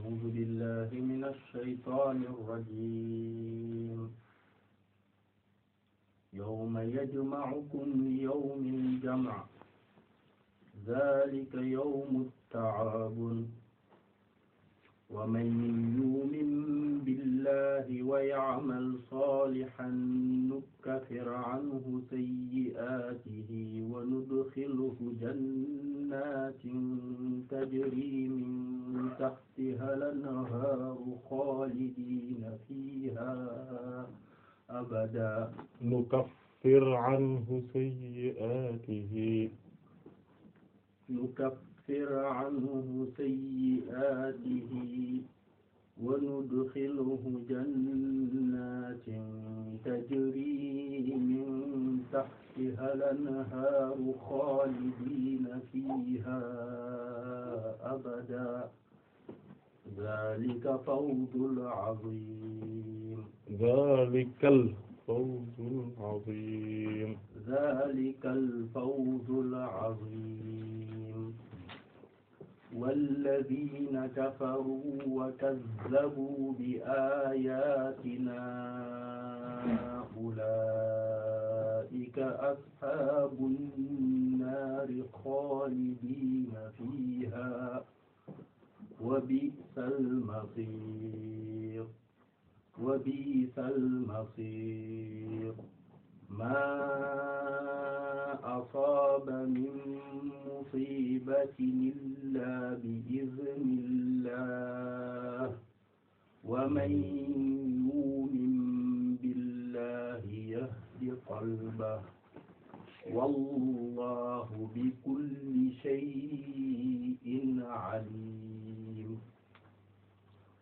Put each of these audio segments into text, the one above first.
أعوذ بالله من الشيطان الرجيم يوم يجمعكم ليوم الجمع ذلك يوم التعاون ومن يؤمن بالله ويعمل صالحا نكفر عنه سيئاته وندخله جنات تجري من تحتها الأنهار خالدين فيها أبدا نكفر عنه سيئاته نكفر عنه سيئاته وندخله جنات تجري من تحتها الأنهار خالدين فيها أبدا ذلك فوز العظيم ذلك الفوز العظيم ذلك الفوز العظيم والذين كفروا وكذبوا بآياتنا أولئك أصحاب النار خالدين فيها وبئس المصير وبئس المصير maa asaaba min musiibatin illaa bi iznillah wa man yu'min billahi yahdi qalbahu wallaahu bi kulli shay'in aliim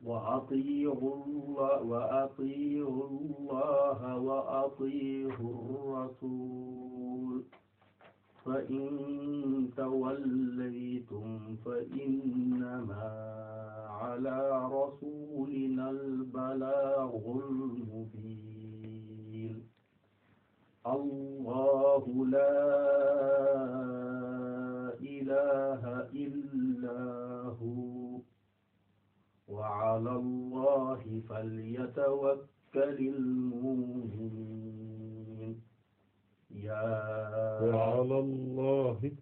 وأطيعوا الله وأطيعوا الله وأطيعوا الرسول فإن توليتم فإنما على رسولنا البلاغ المبين الله لا إله إلا هو وعلى الله فليتوكل المؤمنون يا وعلى الله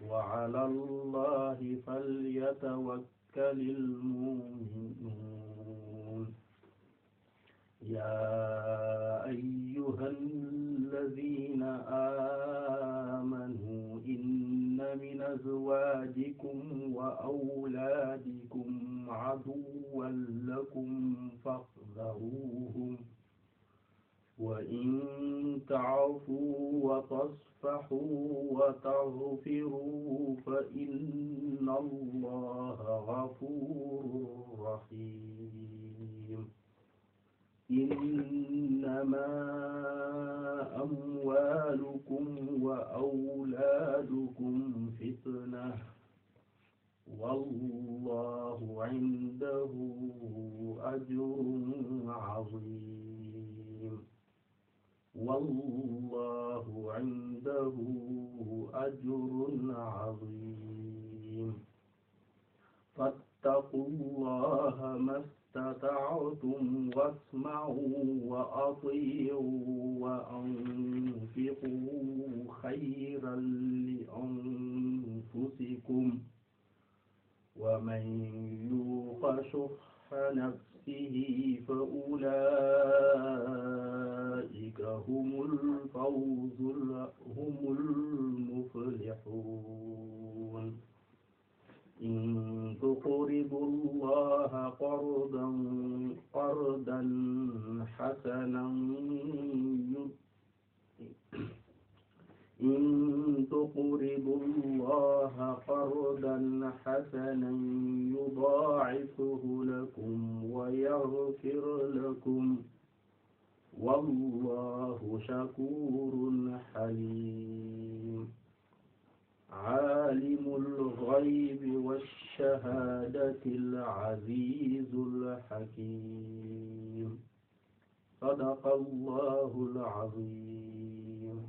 وعلى الله فليتوكل المؤمنون يا أيها الذين آمنوا إن من أزواجكم وأولادكم عدوا لكم فاحذروهم وإن تعفوا وتصفحوا وتغفروا فإن الله غفور رحيم إنما أموالكم وأولادكم فتنة والله عنده أجر عظيم والله عنده أجر عظيم فاتقوا الله ما استطعتم واسمعوا وأطيعوا وأنفقوا خيرا لأنفسكم ومن يوق شح نفسه فأولئك هم الفوز هم المفلحون إن تقرضوا الله قرضا قرضا حسنا يؤتي إن تقرضوا الله قرضا حسنا يضاعفه لكم ويغفر لكم والله شكور حليم عالم الغيب والشهادة العزيز الحكيم صدق الله العظيم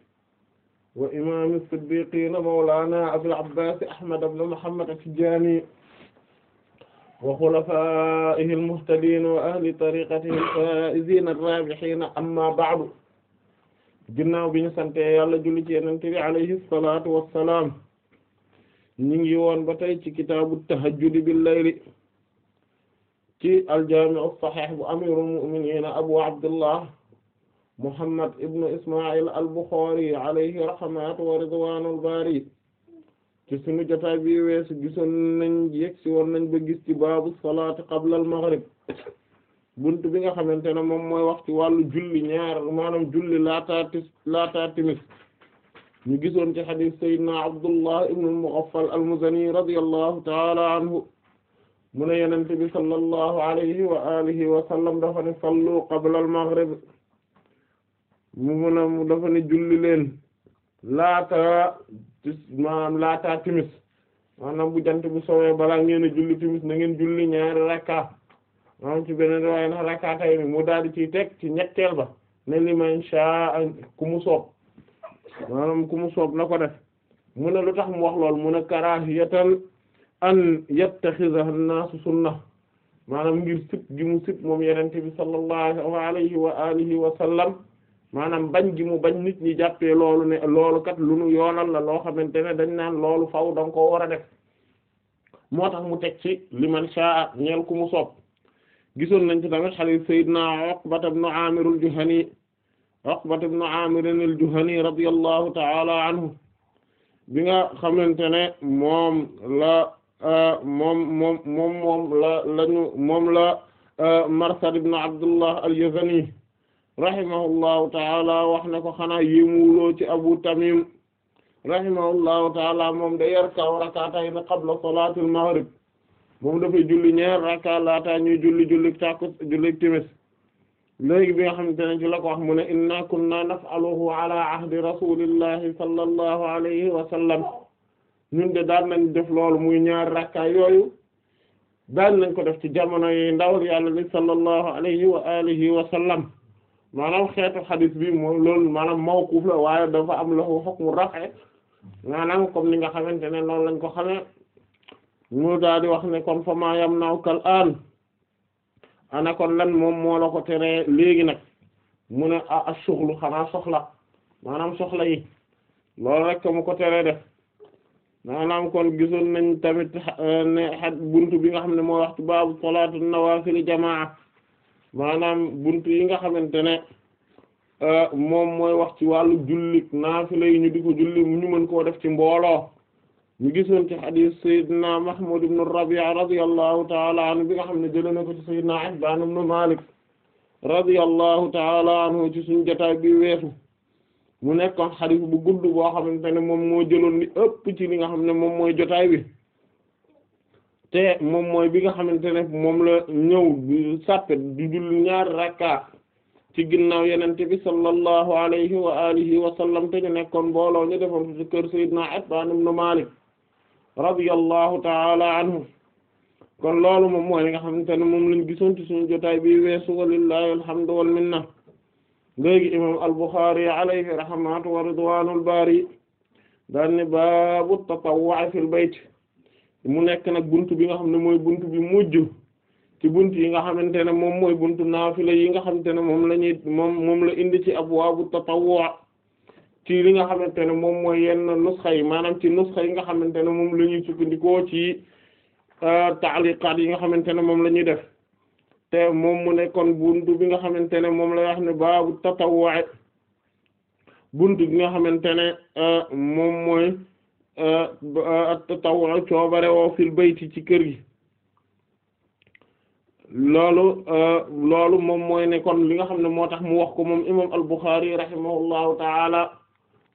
wa imaam as-siddiqiina mawlaana abil abbaas ahmad ibn muhammad at-tijaani wa xulafaa'ihi al-muhtadiina wa ahli tariiqatihi al-faa'iziina ar-raabihiina ammaa ba'du ginnaaw bi ñu sante yàlla julli ci yonent bi alayhi salaatu wa salaam ñu ngi woon ba tey ci kitaabu tahajjudi bil layli ci al-jaami' as-sahiih bu amiirul mu'miniina abu abdullah Muhammad ibn Isma'il al-Bukhari alayhi rahmatu wa ridwanul bari ci sunu jotaay bi weesu gisoon nañ yegsi woon nañ ba gis ci baabu salaati qabla al-maghrib bunt bi nga xamante ne moom mooy wax ci wàllu julli ñaar maanaam julli laataa tis laataa timis ñu gisoon ci xadiis sayyidina Abdullah ibn al al-Muzani radiyallahu ta'ala anhu mu ne yonent bi sallallahu alayhi wa alihi wa sallam dafa ne qabla al-maghrib mu mun a mu dafa ne julli leen laata maanaam laata timis maanaam bu jant bu soowee bala ngeen a julli timis na ngeen julli ñaari rakka maanaam ci beneen waaye na rakka tay mi mu daal di ciy teg ci ñetteel ba ne li man sha ku mu soob maanaam ku mu soob na ko def mu ne lu tax mu wax lool mu ne karahiyatan an yattaxiza a naasu sunna maanaam ngir sip gi mu sip moom yenente bi sallallahu alayhi wa alihi wa sallam maanaam bañ gi mu bañ nit ñi jàppee loolu ne loolu kat lu nu yoonal la loo xamante ne dañ naan loolu faw danga koo war a def moo tax mu teg ci li man shaa ñeel ku mu soob gisoon nañ ci tamit xalit sayyidina Uqbata ibn Amir al-Juhani Uqbata al-Juhani radiyallahu ta'ala anhu bi nga xamante ne moom la moom moom moom la Marsad ibn Abdullah al-Yazani rahimahullahu taala wax ne ko xanaa yéemuwuloo ci abu tamim rahimahullahu taala moom da yar kaw rakatay na qabla salatul maghrib moom dafay julli ñaar raka laata ñuy julli julli tàkku julli timis léegi bi nga xamante ne ci la ko wax mu ne inna kunna naf'aluhu ala ahdi rasulillahi sallallahu alayhi wa ñun de daal nañ def loolu muy ñaar rakka yooyu daan nañ ko def ci jamono yi ndawal yàlla li sallallahu alayhi wa alihi wa maanaam xeetu xadis bi moom loolu maanaam mawquf la waaye dafa am lahu hukmu raf'i maanaam comme ni nga xamante ne noonu lañ ko xamee mu daal wax ne kon fa maa yam naaw kal aan ana kon lan moom moo ko teree léegi nag mu ne ah ah suxlu xanaa soxla maanaam soxla yi lool rek mu ko teree def maanaam kon gisoon nañ tamit eh, ne xaj buntu bi nga xam ne moo wax ci baabu salaatu nawaafil jamaa. maanaam bunt yi nga xamante ne euh, moom mooy wax ci wàllu jullit naafila yi ñu di ko julli ñu mën koo def ci mbooloo ñu gisoon ci xadiis Seydina Mahmoud ibn Rabi'a radiyallahu taala anhu bi nga xam ne jëlee na ko ci Seydina Itbaan ibn Maalik radiyallahu taala anhu ci suñu jotaay bi weesu mu nekkoon xadiis bu gudd boo xamante ne moom moo jëloon li ëpp ci li nga xam ne moom mooy jotaay bi te moom mooy bi nga xamante ne moom la ñëw sàppe di julli ñaari rakka ci ginnaaw yenen bi sallallahu alayhi wa alihi wa sallam te ñu nekkoon mbooloo ñu defoon ci kër Seydina Itbaan ibn Maalik radiyallahu ta'ala anhu kon loolu moom mooy li nga xamante ne moom lañ gisoon ci suñu jotaay bi weesu walillahi alhamdu wal minna léegi imam al-Bukhari alayhi rahmatu wa ridwanul bari daan ne baabu tatawwu fil bayt mu nekk nag bunt bi nga xam ne mooy bunt bi mujj ci buntu yi nga xamante ne moom mooy buntu naafila yi nga xamante ne moom la ñuy moom moom la indi ci ab abwaabu tatawwu ci li nga xamante ne moom mooy yenn nusxa yi maanaam ci nusxa yi nga xam ne moom la ñuy sukkandikoo ci euh, taaliqaat yi nga xamante ne moom la ñuy def te moom mu nekkoon buntu bi nga xamante ne moom la wax ne baabu tatawwu bunt bi nga xamante ne euh, moom mooy. taw coobare woo fil bayti ci kër gi loolu loolu moom mooy ne kon li nga xam ne moo tax mu wax ko moom imam al-Bukhari rahimahullahu taala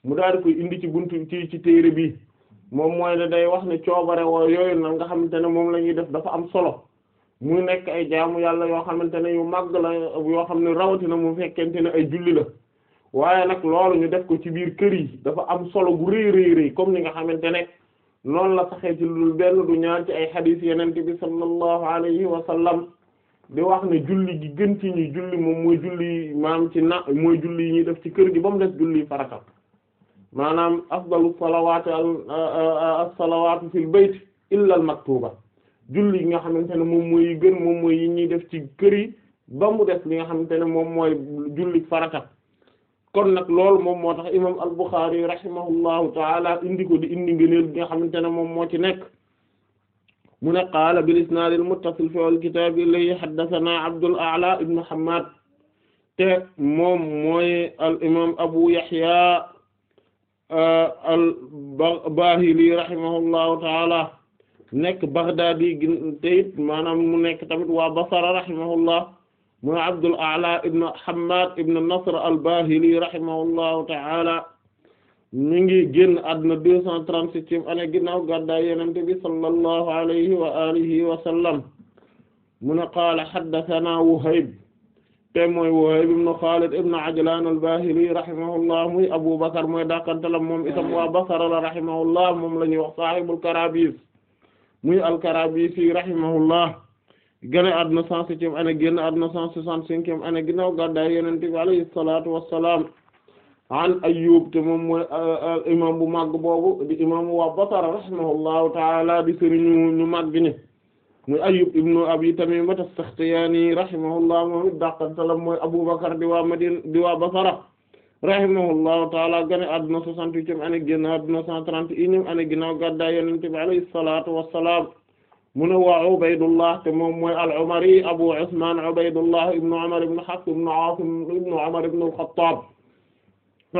mu daal di koy indi ci buntu ci ci téere bi moom mooy ne day wax ne coobare woo yooyu nag nga xamante ne moom la ñuy def dafa am solo mu nekk ay jaamu yàlla yoo xamante ne yu màgg la yoo xam ne rawatina mu fekkente ne ay julli la waaye nag loolu ñu def ko ci biir kër yi dafa am solo bu rëy rëy rëy comme ni nga xamante ne noonu la saxee ci lu benn du ñaar ci ay xadiis yeneen bi sallallahu alayhi wa sallam di wax ne julli gi gën ci ñu julli moom mooy julli maam ci na mooy julli yi ñuy def ci kër gi ba mu des julli faraka maanaam afdalu salawaati al euh, euh, salawaatu fil yi nga xamante ne moom mooy yi gën moom mooy yi ñuy def ci kër yi ba mu des li nga xamante ne moom mooy julli faraka kon nag lool moom moo tax imam al-Bukhari rahimahullahu taala indi ko di indi ngëneel bi nga xamante ne moom moo ci nekk mu ne qaala bil isnaad al muttasil fi al kitaab ilayhi na Abdul A'la ibn Hammad te moom mooy al imam Abu Yahya al Bahili rahimahullahu taala nekk Baghdadi te it maanaam mu nekk tamit waa Basra rahimahullah mooy Abdul A'la ibn Hammad ibn Nasr al-Bahili rahimahullahu ta'ala mi ngi génn àdduna deux cent trente-septième année ginnaaw gàddaay Yonent bi sallallahu alayhi wa alihi wa sallam mu ne qaala haddathana Wuhayb te mooy Wuhayb ibn Khalid ibn Ajlan al-Bahili rahimahullah muy Abu Bakr mooy dakantalam moom itam waa Basra la rahimahullah moom la ñuy wax sahibul Karabis muy al-Karabisi rahimahullah gane àdduna cent septième année génn àdduna cent soixante-cinquième année ginnaaw gàddaay yonent bi alayhi salaatu wassalaam an Ayyub te moom mooy euh, euh, imam bu màgg boobu di imam waa Basra rahimahullahu taala di sëriñu ñu màgg ni muy Ayyub ibnu Abi Tamima as-Sakhtiyani rahimahullah moom it dàqantalam mooy Abubakar di waa Madina di waa Basra rahimahullahu taala gane àdduna soixante-huitième année génn àdduna cent trente et unième année ginnaaw gàddaay yonent bi alayhi salaatu wassalaam mu ne wa Ubaydullah te moom mooy al-Umari Abu Usman Ubaydullah ibn Umar ibn Hafs ibn Asim ibn Umar ibn al-Khattab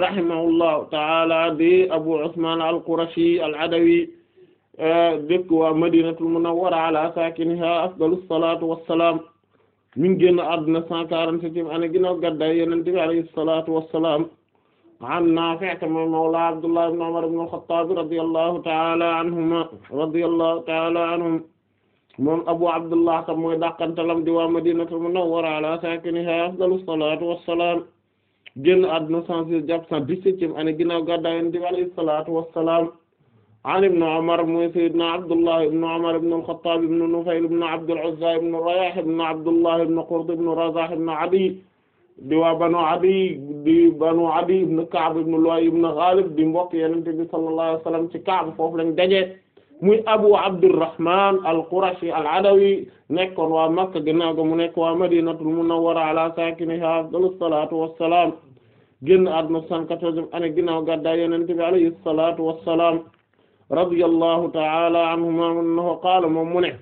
rahimahullahu ta'ala di Abu Usman al-Qurashi al-Adawi dëkk waa Madinatul Munawwara ala sakiniha afdalus salatu wassalam mi ngi génn àdduna cent quarante-septième année ginnaaw gàddaay Yonent bi alayhi salatu wassalam an Naafi' mooy mawla Abdullah ibn Umar ibn al-Khattab radiyallahu ta'ala anhuma radiyallahu ta'ala anhum moom Abu Abdullah tam mooy dàqantalam di waa Madinatul Munawwara ala saakinihaa afdalu salaatu wassalaam génn àdduna cent six jàpp cent dix-septième année ginnaaw gàddaay Yonent bi alayhi salaatu wassalaam an ibn Umar mooy sayyidina Abdullah ibn Umar ibn al-Khattab ibn Nufayl ibn Abdul Uzza ibn Rayah ibn Abdullah ibn Qurt ibn Razah ibn Adi di waa Banu Adi di Banu Adi ibn Ka'b ibn Lu'ay ibn Ghalib di mbokk Yonent bi sallallahu alayhi wasallam ci Ka'b foofu lañ daje muy abu abdurrahman al-qurashi al-adawi nekkoon waa makka ginnaaw ga mu nekk waa madinatul munawwara ala sakiniha afdalu salatu wassalam génn àdduna cent quatorzième année ginnaaw gàddaay yonent bi alayhi salatu wassalam radiyallahu ta'ala anhuma annahu qaala moom mu ne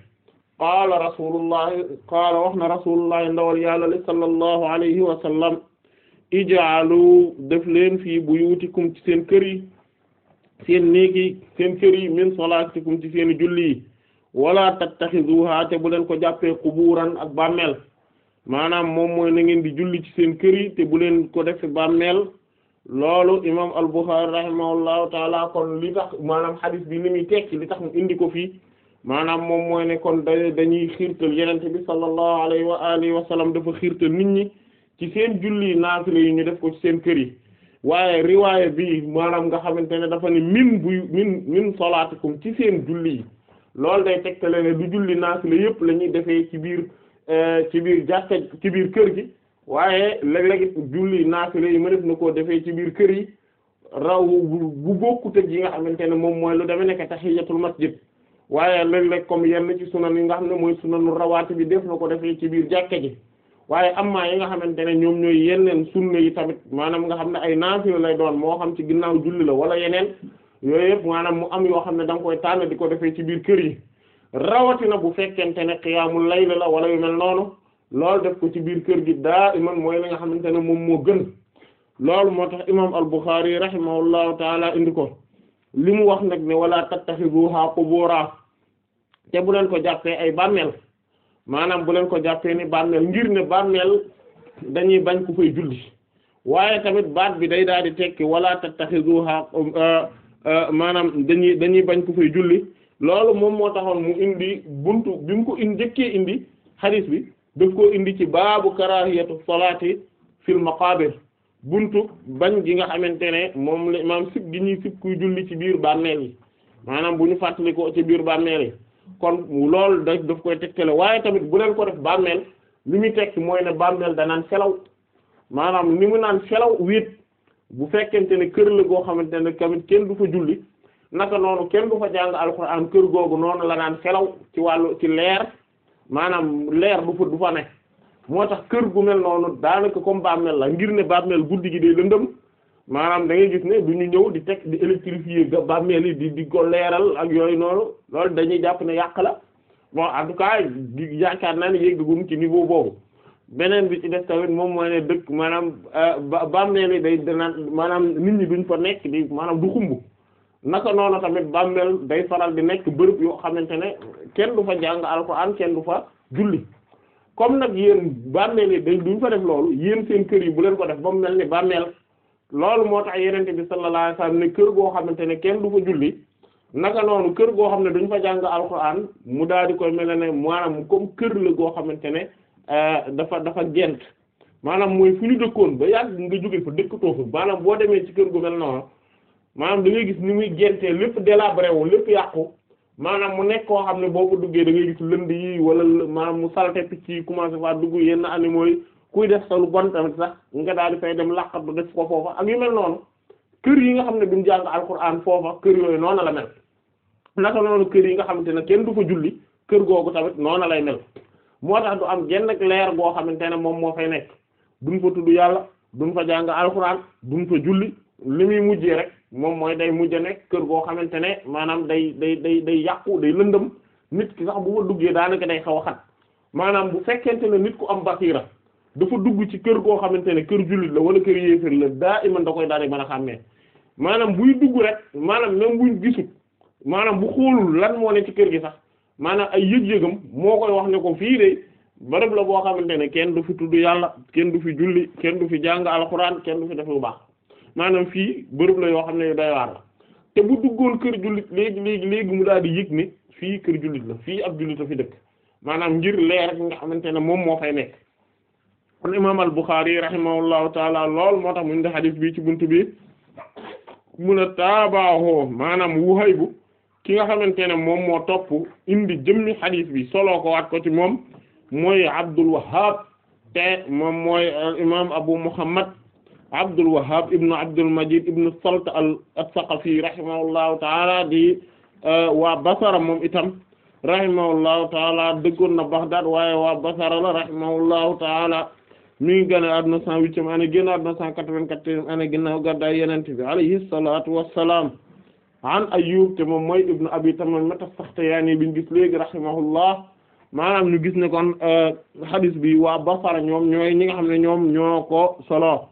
qaala rasulullahi qaala wax na rasulullahi ndawal yàlla li sallallahu alayhi wa sallam ij'alu def leen fii buyutikum ci seen kër yi seen néegi seen kër yi min salaatikum ci seen julli yi wala tattaxizuha te bu leen ko jàppee quburan ak bàmmeel maanaam moom mooy na ngeen di julli ci seen kër yi te bu leen ko def bàmmeel loolu imam al-Bukhârî rahimahullahu taala kon li tax maanaam hadith bi ni muy tekki li tax mu indi ko fii maanaam moom mooy ne kon dañuy xiirtal yenente bi sallallahu alayhi wa alihi wa sallam dafa xiirtal nit ñi ci seen julli naafile yi ñu def ko ci seen kër yi waaye riwaaya bii maanaam nga xamante ne dafa ne min buy min min solaatikum ci seen julli yi loolu day tegtale ne du julli naafila yépp la ñuy defee ci biir euh, ci biir jàkka ci biir kër gi waaye léeg-léeg julli naafila yi ma def na koo defee ci biir kër yi raw bu bokkut ak yi nga xamante ne moom mooy lu deme nekk tahiyatul masjid waaye léeg-léeg comme yenn ci sunan yi nga xam ne mooy sunanu rawaati bi def na ko defee ci biir jàkka ji waaye am maa yi nga xamante ne ñoom ñooy yeneen sunna yi tamit maanaam nga xam ne ay naafila lay doon moo xam ci ginnaaw julli la wala yeneen yooyu yëpp mu am yoo xam ne da nga koy tànn di ko defee ci biir kër yi rawatina bu fekkente ne xiyaamul layl la wala yu mel noonu loolu def ko ci biir kër gi daa iman mooy la nga xamante ne moom moo gën loolu moo tax imam al-Bukhari rahimahullahu taala indi ko li mu wax nag ne wala tattaxiduha qubura te bu leen ko jàppee ay bàmmeel maanaam bu leen ko jàppee ni bàmmeel ngir ne bàmmeel dañuy bañ ku fay julli waaye tamit baat bi day daal di tekki wala tattaxizuha uh, uh, maanaam dañuy dañuy bañ ku fay julli loolu moom moo taxoon mu indi buntu bi mu ko indi njëkkee indi hadith bi daf koo indi ci baabu yetu karahiyatu salaati fil maqabir buntu bañ gi nga xamante ne moom la maam sib gi ñuy sib kuy julli ci biir bàmmeel yi maanaam bu ñu fàttali ci biir bàmmeel yi kon loolu da daf koy teg tegtale waaye tamit bu leen ko def bàmmeel li muy tekki mooy ne bàmmeel danaan selaw maanaam ni mu naan selaw wéet bu fekkente ne kër la goo xamante ne tamit kenn du fa julli naka noonu kenn du fa jàng alxuraan kër googu noonu la naan selaw ci wàllu ci leer maanaam leer du fa du fa ne moo tax kër gu mel noonu daanaka comme bàmmeel la ngir ne bàmmeel guddi gi day lëndëm maanaam da ngay gis ne du ñu ñëw di teg di électrifier bàmmeel yi di di ko leeral ak yooyu noonu loolu dañuy jàpp ne yàq la moo en tout cas di yaakaar naa ne yéegagum ci niveau boobu beneen bi ci des tamit moom mooy ne dëkk maanaam euh, bàmmeel yi day danaan maanaam nit ñi duñ fa nekk di maanaam du xumb naka noonu tamit bàmmeel day faral di nekk bërëb yoo xamante ne kenn du fa jàng alxuraan kenn du fa julli comme nag yéen bàmmeel yi dañ duñ fa def loolu yéen seen bu leen ko def ba mu mel bàmmeel loolu moo tax yenente bi sallallahu alayhi wasallam ne kër goo xamante ne kenn du fa julli naka noonu kër goo xam ne duñ fa jàng alxuraan mu daal di koy mel ne mu comme kër la goo xamante ne euh, dafa dafa gent maanaam mooy fu ñu dëkkoon ba yàgg nga jóge fa dëkkatoo fa maanaam boo demee ci kër gu mel noonu maanaam da gis ni muy gentee lépp délabré wu lépp yàqu maanaam mu nekk koo xam ne boo ko duggee da ngay gis lënd yi wala maanaam mu salte picc yi commencé faa dugg yenn animaux yi kuy def sa bon tamit sax nga daal di fay dem laqatu def ko foofa ak yu mel noonu kër yi nga xam ne duñ jàng alxuraan foofa kër yooyu noonu la mel naka noonu kër yi nga xamante ne kenn du fa julli kër googu tamit noonu lay mel moo tax du am genn leer goo xamante ne moom moo fay nekk duñ fa tudd yàlla duñ fa jàng alxuraan duñ fa julli li muy mujjee rek moom mooy day mujj a nekk kër goo xamante ne maanaam day day day day yàqu day lëndëm nit ki sax bu ma duggee daanaka day xaw a xat maanaam bu fekkente ne nit ku am basiira dafa dugg ci kër goo xamante ne kër jullit la wala kër yéefar la daa iman da koy daal di mën a xàmmee maanaam buy dugg rek maanaam même buñ gisut maanaam bu xoolul lan moo ne ci kër gi sax maanaam ay yëg-yëgam moo koy wax ne ko fii de barab la boo xamante ne kenn du fi tudd yàlla kenn du fi julli kenn du fi jàng alxuraan kenn du fi def lu baax maanaam fii barab la yoo xam ne day waar te bu duggoon kër jullit léegi léegi di yëg ne fii kër jullit la fii ab jullit a fi dëkk maanaam ngir leer rek nga xamante ne moom moo fay nekk kon imaam al-Bukhari rahimahullahu taala lool moo tax mu indi hadith bi ci bunt bi mun a taabaaxoo maanaam Wuhaybu ki nga xamante ne moom moo topp indi jëmmi hadith bi soloo ko waat ko ci moom mooy Abdul Wahhab te moom mooy euh, imaam Abu Muhammad Abdul Wahhab ibn Abdul Majid ibn Salt al-Thaqafi rahimahullahu taala di euh, waa Basra moom itam rahimahullahu taala dëggoon na Baghdad waaye waa Basra la rahimahullahu taala mi ngi gane àdduna cent huitième année génn àdduna cent quatre-vingt-quatrième année ginnaaw gàddaay Yonent bi alayhi salaatu wassalaam an Ayyub te moom mooy ibnu Abi Tamiima as-Saxtiyaani bi ñu gis léegi rahimahullah maanaam ñu gis ne kon euh, hadis bi waa Basra ñoom ñooy ñi nga xam ne ñoom ñoo ko solo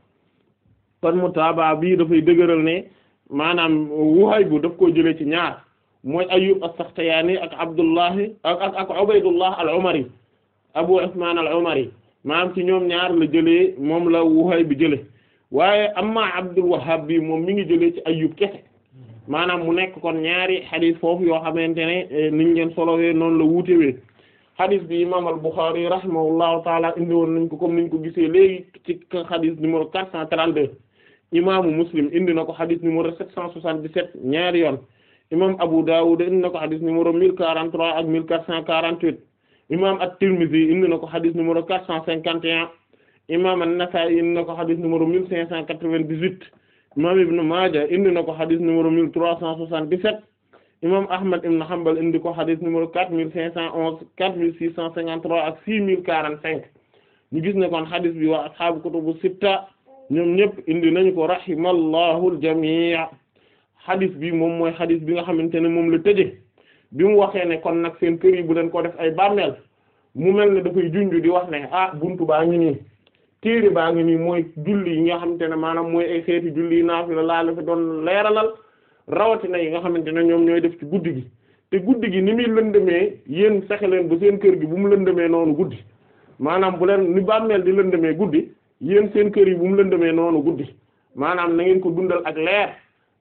kon mutaaba bii dafay dëgëral ne maanaam Wuhayb bu daf koo jëlee ci ñaar mooy Ayyub as-Saxtiyaani ak Abdullahi ak ak Ubaydullah al-Umari Abu Usmaan al-Umari maanaam ci ñoom ñaar la jëlee moom la Wuhay bi jëlee waaye amma Abdul Wahhab bi moom mi ngi jëlee ci Ayyub kese maanaam mu nekk kon ñaari xadis foofu yoo xamante ne eh, niñ ngeen solowee noonu la wuutewee xadis bi imam al-Bukhari rahimahullahu taala indi woon nañ ko comme niñ ko gisee léegi ci xadis numéro 432 imaamu Muslim indi na ko xadis numéro 777 ñaari yoon imam Abu Dawud indi na ko xadis numéro 1043 ak imam at-Tirmidhi indi na ko xadis numéro quatre cent cinquante et un imam indi na ko xadis numéro mille cinq cent quatre-vingt-dix-huit imam Ibn Maaja indi na ko xadis numéro mille trois cent soixante-dix-sept imam Ahmad ibn Hanbal indi ko xadis numéro quatre mille cinq cent onze quatre mille six cent cinquante-trois ak six mille quarante-cinq ñu gis ne kon xadis bi waa ashaabu kutubu sitta ñoom ñëpp indi nañu ko rahimallahu al-jamii' xadis bi moom mooy xadis bi nga xamante ne moom la tëje bi mu waxee ne kon nag seen kër yi bu leen ko def ay bàmmeel mu mel ne dafay junj di wax ne ah buntu baa ngi nii téere baa ngi nii mooy julli yi nga xamante ne maanaam mooy ay xeeti julli yi naafila laa la fi doon leeralal rawatina yi nga xamante ne ñoom ñooy def ci guddi gi te guddi gi ni muy lëndëmee yéen fexe leen ba seen kër gi bu mu lëndëmee noonu guddi maanaam bu leen ni bàmmeel di lëndëmee guddi yéen seen kër yi bu mu lëndëmee noonu guddi maanaam na ngeen ko dundal ak leer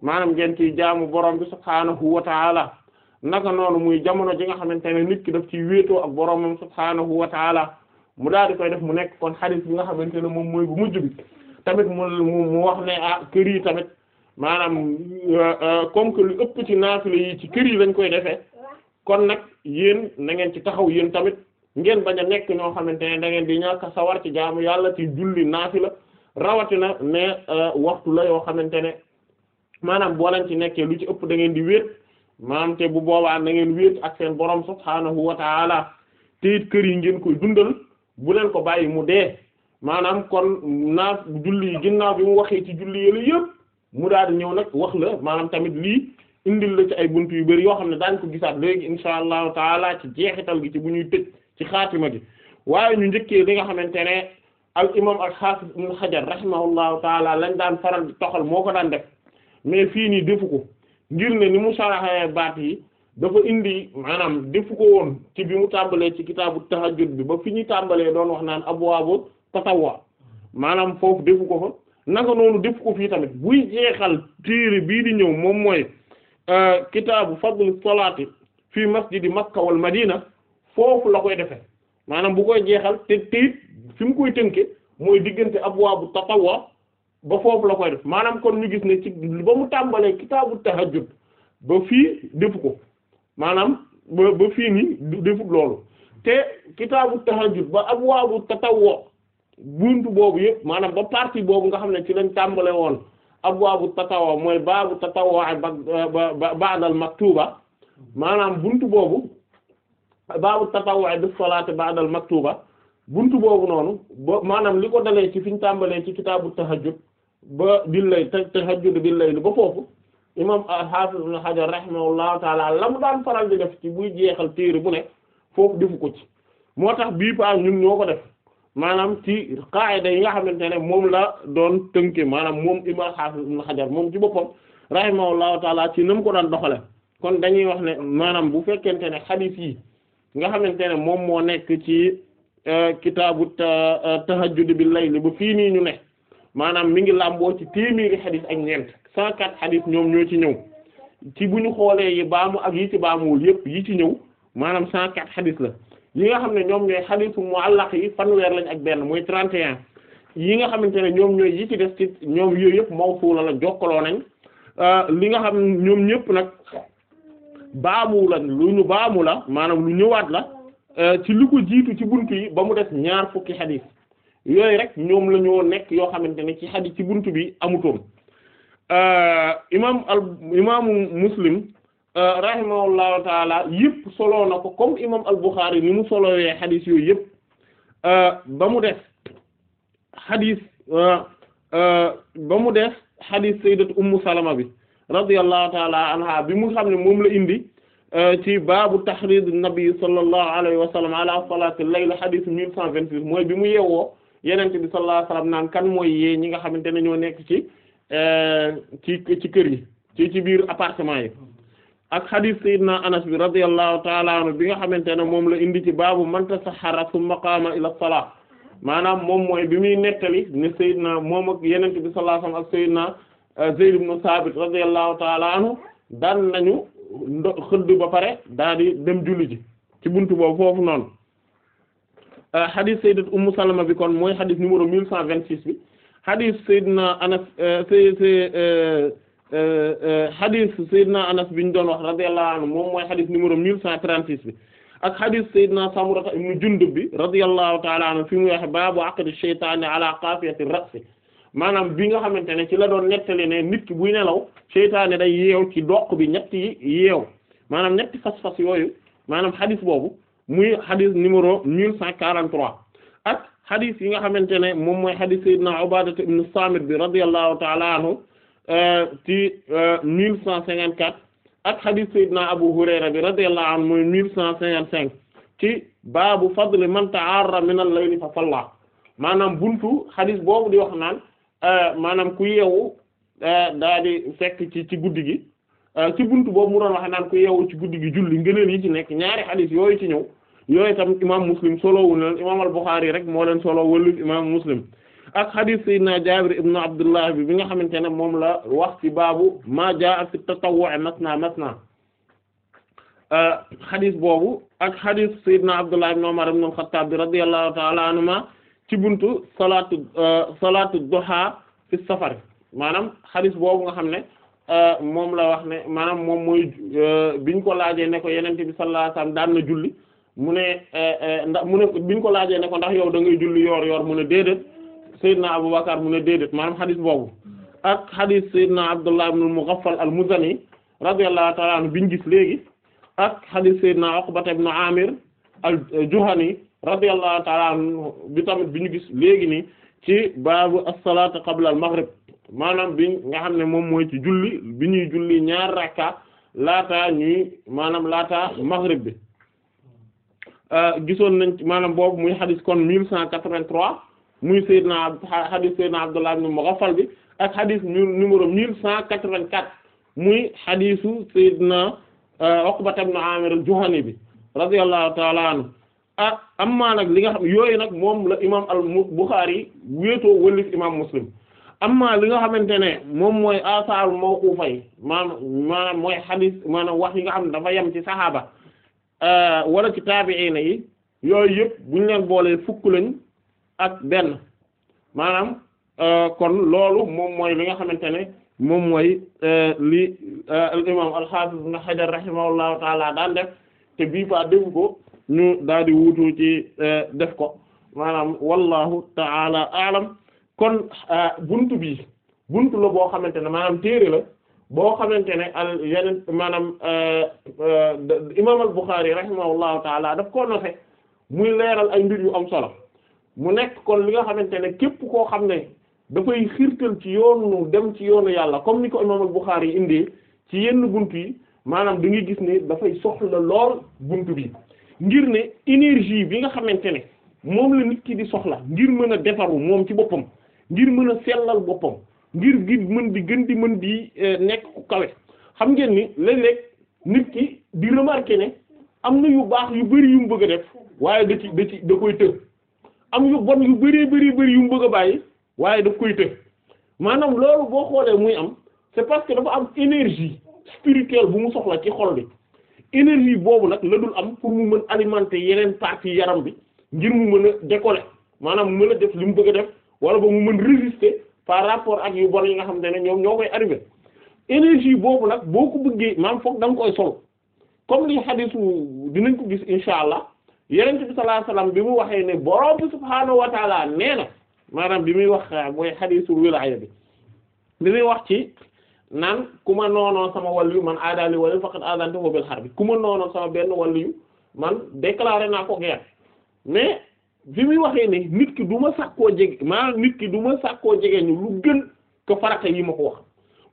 maanaam ngeen ciy jaamu borom bi subhaanahu wa ta'ala naka noonu muy jamono ji nga xamante ne nit ki daf ci wéetoo ak boroomam subhaanahu wa taala mu daal di koy def mu nekk kon xadis bi nga xamante ne moom mooy gu mujj bi tamit mu mu wax ne ah kër yi tamit maanaam euh, euh, comme ëpp ci naafila ci kër yi lañ koy defee kon nag yéen na ngeen ci taxaw yéen tamit ngeen bañ a nekk ñoo xamante ne da ngeen di ñàkk sawar ci jaamu yàlla ci julli naafila rawatina ne euh, waxtu la yoo xamante ne maanaam boo leen ci nekkee lu ci ëpp da ngeen di wéet maanaam te bu boobaa na ngeen wéet ak seen borom subhaanahu wa taala te it kër yi ngeen koy dundal bu leen ko bàyyi mu dee maanaam kon naat julli ginnaaw bi mu waxee ci julli yële yëpp mu daal di ñëw nag wax la maanaam tamit lii indil la ci ay bunt yu bari yoo xam ne daañ ko gisaat léegi insha allahu taala ci jeexital gi ci bu ñuy tëj ci waaye ñu njëkkee li nga xamante ne al imam al xaafis ibn xajar rahimahullahu taala lañ daan faral di toxal moo ko daan def mais fii nii defu ngir ne ni mu saraxee baat yi dafa indi maanaam defu ko woon ci bi mu tàmbalee ci kitaabu tahajjud bi ba fi ñuy tàmbalee doon wax naan abwaabu tatawwa maanaam foofu defu ko fa naka noonu defu ko fii tamit buy jeexal téere bii di ñëw moom mooy euh, kitaabu fadl salaati fii masjidi makka wal madina foofu la koy defe maanaam bu koy jeexal te te fi mu koy tënke mooy diggante abwaabu tatawwa ba foofu la koy def maanaam kon ñu gis ne ci ba mu tàmbalee kitaabu tahajjud ba fii defu ko maanaam ba ba fii nii defut loolu te kitaabu tahajjud ba abwaabu tatawwu buntu boobu yëpp maanaam ba partie boobu nga xam ne ci lañ tàmbale woon abwaabu tatawwu mooy baabu tatawwu ba ba'dal maktuba maanaam bunt boobu baabu tatawwu bis salaati ba'dal maktuba bunt boobu noonu ba maanaam li ko dalee ci fi ñu tàmbalee ci kitaabu tahajjud ba billay te tahajjud billay ba foofu imam al-Hafiz ibn Hajar rahimahullahu taala la mu daan faral di def ci buy jeexal téere bu ne foofu defu ko ci moo tax bii paa ñun ñoo ko def maanaam ci qaayida yi nga xamante ne moom la doon tënke maanaam moom imam al-Hafiz ibn moom ci boppam rahimahullahu taala ci na ko daan doxale kon dañuy wax ne maanaam bu fekkente ne xadiis yi nga xamante ne moom moo nekk ci euh, kitaabu tahajjud bil layl ba fii nii ñu ne maanaam mi ngi làmboo ci téeméeri xadis ak ñeent cent quatre xadis ñoom ñoo ci ñëw ci bu ñu xoolee yi baamu ak yi ci baamuwul yépp yi ci ñëw maanaam cent quatre la yi nga xam ne ñoom ñooy xadisu muallaq yi fanweer lañ ak benn mooy trente yi nga xamante ne ñoom ñooy yi ci des ci ñoom yooyu yëpp mawsuula la jokkaloo nañ euh, li nga xam ñoom ñëpp nag baamu la lu ñu baamu la maanaam lu ñëwaat la euh, ci li ko jiitu ci buntu yi ba mu des ñaar fukki xadis yooyu rek ñoom la ñoo nekk yoo xamante ne ci xadis ci buntu bi amutoon euh, imaam al imaamu muslim euh, rahimahullahu taala yëpp soloo na ko comme imaam al buxaari ni mu solowee xadis yooyu yëpp euh, ba mu def xadis ba mu def xadis sayyidat ummu salama bi radiyallahu taala anha bi mu xam ne moom la indi ci baabu tahrid nabi sallallahu alayhi wa sallam ala salati layl hadith mille cent vingt-six mooy bi mu yeewoo yenente bi sallallahu alayhi naan kan mooy yee ñi nga xamante ne ñoo nekk ci eh, ci ci kër yi ci ci biir appartement yi ak xadiis sayyidina anas bi radiyallahu taala bi nga xamante ne moom la indi ci baabu man tasaxara summa qaama ila salaa maanaam moom mooy bi muy nettali ne sayyidina moom ak yenente bi sallallahu alayhi wasallam ak sayyidina eh, Zayd ibn daan nañu ndo xëdd ba pare daal di dem julli ci buntu boobu foofu noonu xadis euh, sayyidat ummu salama bi kon mooy xadis numéro mille cent vingt six bi xadis sayyidina anas say say xadis sayyidina anas bi ñu doon wax radiyallahu anhu moom mooy xadis numéro mille cent trente six bi ak xadis sayyidina samurata ibnu jundub bi radiyallahu ta'ala anhu fi mu waxe baabu aqdi shaytaani ala qafiyati ra'si maanaam bi nga xamante ne ci la doon nettali ne nit ki buy nelaw seytaane day yeew ci doq bi ñetti yeew maanaam ñetti fas-fas yooyu maanaam xadis boobu muy xadis numéro mille cent quarante trois ak xadis yi nga xamante ne moom mooy xadis Seydina Ubaada ibn Saamit bi radiyallahu taala anhu euh, ci euh, mille cent cinquante quatre ak xadis Seydina Abu Hurayra bi radiyallahu anhu mooy mille cent cinquante cinq ci baabu fadli man ta'arra min al-layli fa salla maanaam buntu xadis boobu di wax naan euh, maanaam ku yeewu daa di ci ci guddi gi Euh, ci buntu boobu mu doon wax naan ku yeewu ci guddi gi julli ngëneel yi ci nekk ñaari hadith yooyu ci ñëw yooyu tam imam muslim solowul leen imam al-Bukhari rek moo leen solo wëlul imam muslim ak hadith sayyidina Jaabir ibn Abdullah bi bi nga xamante ne moom la wax ci baabu ma jaa fi tatawwu masna masna euh, hadith boobu ak hadith sayyidina Abdullah ibn Umar ibn al-Khattab radiyallahu ta'ala anhuma ci buntu salaatu euh, salaatu duha fi safar maanaam hadith boobu nga xam ne Euh, moom la wax ne maanaam moom mooy euh, biñ ko laajee ne ko yonent bi sallallahu alayhi wasallam daan na julli mu ne euh, ndax mu ne biñ ko laajee ne ko ndax yow da ngay julli yoor yoor mu ne déedéet Seydina Aboubacar mu ne déedéet maanaam xadis boobu ak xadis Seydina Abdullah ibn al-Mughaffal al-Muzani radiyallahu ta'ala biñ gis léegi ak xadis Seydina Uqbata ibn Amir al-Juhani radiyallahu ta'ala anhu bi tamit bi ñu gis léegi ni ci baabu as-salaatu qabla al-maghrib maanaam bi nga xam ne moom mooy ci julli bi ñuy julli ñaar rakka laataa ñuy maanaam laataa maghrib bi euh, gisoon nañ maanaam boobu muy xadis kon mille cent quatre-vingt-trois muy Seydina xadis Seydina Abdullah ibn bi ak xadis numéro mille cent quatre-vingt-quatre muy xadisu Seydina euh, Uqba ibn Amir juhani bi radiyallahu ta'ala anhu ah amma li nga xam yooyu nag moom la imam al Bukhari wéetoo wëlif imam Muslim amma li nga xamante ne moom mooy asaaru mawquufa yi maanaam mooy xadis maanaam wax yi nga xam ne dafa yem ci saxaaba uh, wala ci na yi yooyu yëpp buñu leen boolee fukk lañ ak benn maanaam uh, kon loolu moom mooy li nga xamante ne moom mooy uh, li al imam al nga Ibn Hajar rahimahullahu taala daan def te bii fa def ko ñu daal di wutu ci def ko maanaam wallahu taala aalam kon euh, buntu bi buntu la boo xamante ne maanaam téere la boo xamante ne al yeneen maanaam euh, euh, imam al Bukhari rahimahullahu taala daf koo nofe muy leeral ay mbir yu am solo mu nekk kon li nga xamante ne képp koo xam ne dafay xirtal ci yoonu dem ci yoonu yàlla comme ni ko imam al Bukhari yi indee ci yenn buntu yi maanaam da ngay gis ne dafay soxla lool buntu bi ngir ne énergie bi nga xamante ne moom la nit ki di soxla ngir mën a defaru moom ci boppam ngir mën a sellal boppam ngir ngir mën di gën di mën di eh, nekk ku kawe xam ngeen ni léeg-léeg nit ki di remarquer ne am na yu baax yu bari yu mu bëgg a def waaye da ci da ci da koy tëb am yu bon yu bari bari bari yu mu bëgg a bàyyi waaye daf koy tëb maanaam loolu boo xoolee muy am c'est parce que dafa am énergie spirituelle bu mu soxla ci xol bi énergie boobu nag la dul am pour mu mën alimenter yeneen parties yaram bi ngir mu mën a décoller maanaam mën a def li mu bëgg a def wala ba mu mën résister par rapport ak yu bon yi nga xam ne ñoom ñoo koy arrivé énergie boobu nag boo ko bëggee maam foog da nga koy sol comme li xadisu dinañ ko gis insha allah yenent bi sallallahu alayhi wasallam bi mu waxee ne borom bi subhaanahu nee na maanaam bi muy wax mooy xadisul wilaaya bi bi muy wax ci naan ku ma noonoon sama waliyu man aadaali waliyu faqad aadantahu bil harbi ku ma noonoon sama benn waliyu man déclaré naa ko bi muy waxee ne nit ki du ma sàkkoo jege maanaam nit ki du ma sàkkoo jege ñu lu gën ko farata yi ma ko wax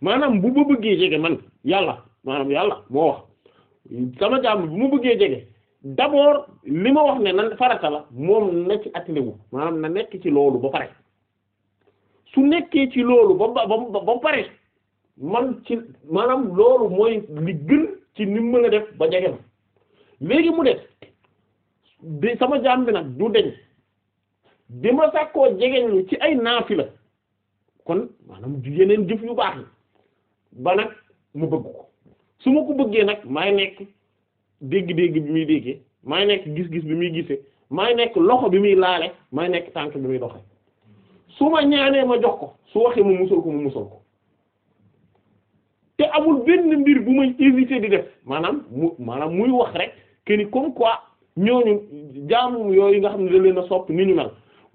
maanaam bu ma bëggee jege man yàlla maanaam yàlla moo wax sama jàmm bu ma bëggee jege d'abord li ma wax ne nan farata la moom na ci attiléwu maanaam na nekk ci loolu ba pare su nekkee ci loolu ba ba ba pare man ci maanaam loolu mooy li gën ci ni mu mën a def ba jege ma léegi mu def bi sama jaam bi nag du deñ bi ma sàkkoo jegeñlu ci ay la kon maanaam du yeneen jëf yu baax yi ba nag mu bëgg ko su ma ko bëggee nag maay nekk dégg-dégg bi muy déggee maay nekk gis-gis bi muy gisee maay nekk loxo bi muy laale maay nekk tànk bi muy doxe su ma ñaanee ma jox ko su waxee ma musal ko ma musal ko te amul benn mbir bu may éviter di def maanaam mu maanaam muy wax rek kër ni comme quoi ñooñu jaamu yooyu nga xam ne da leen a sopp ni ñu mel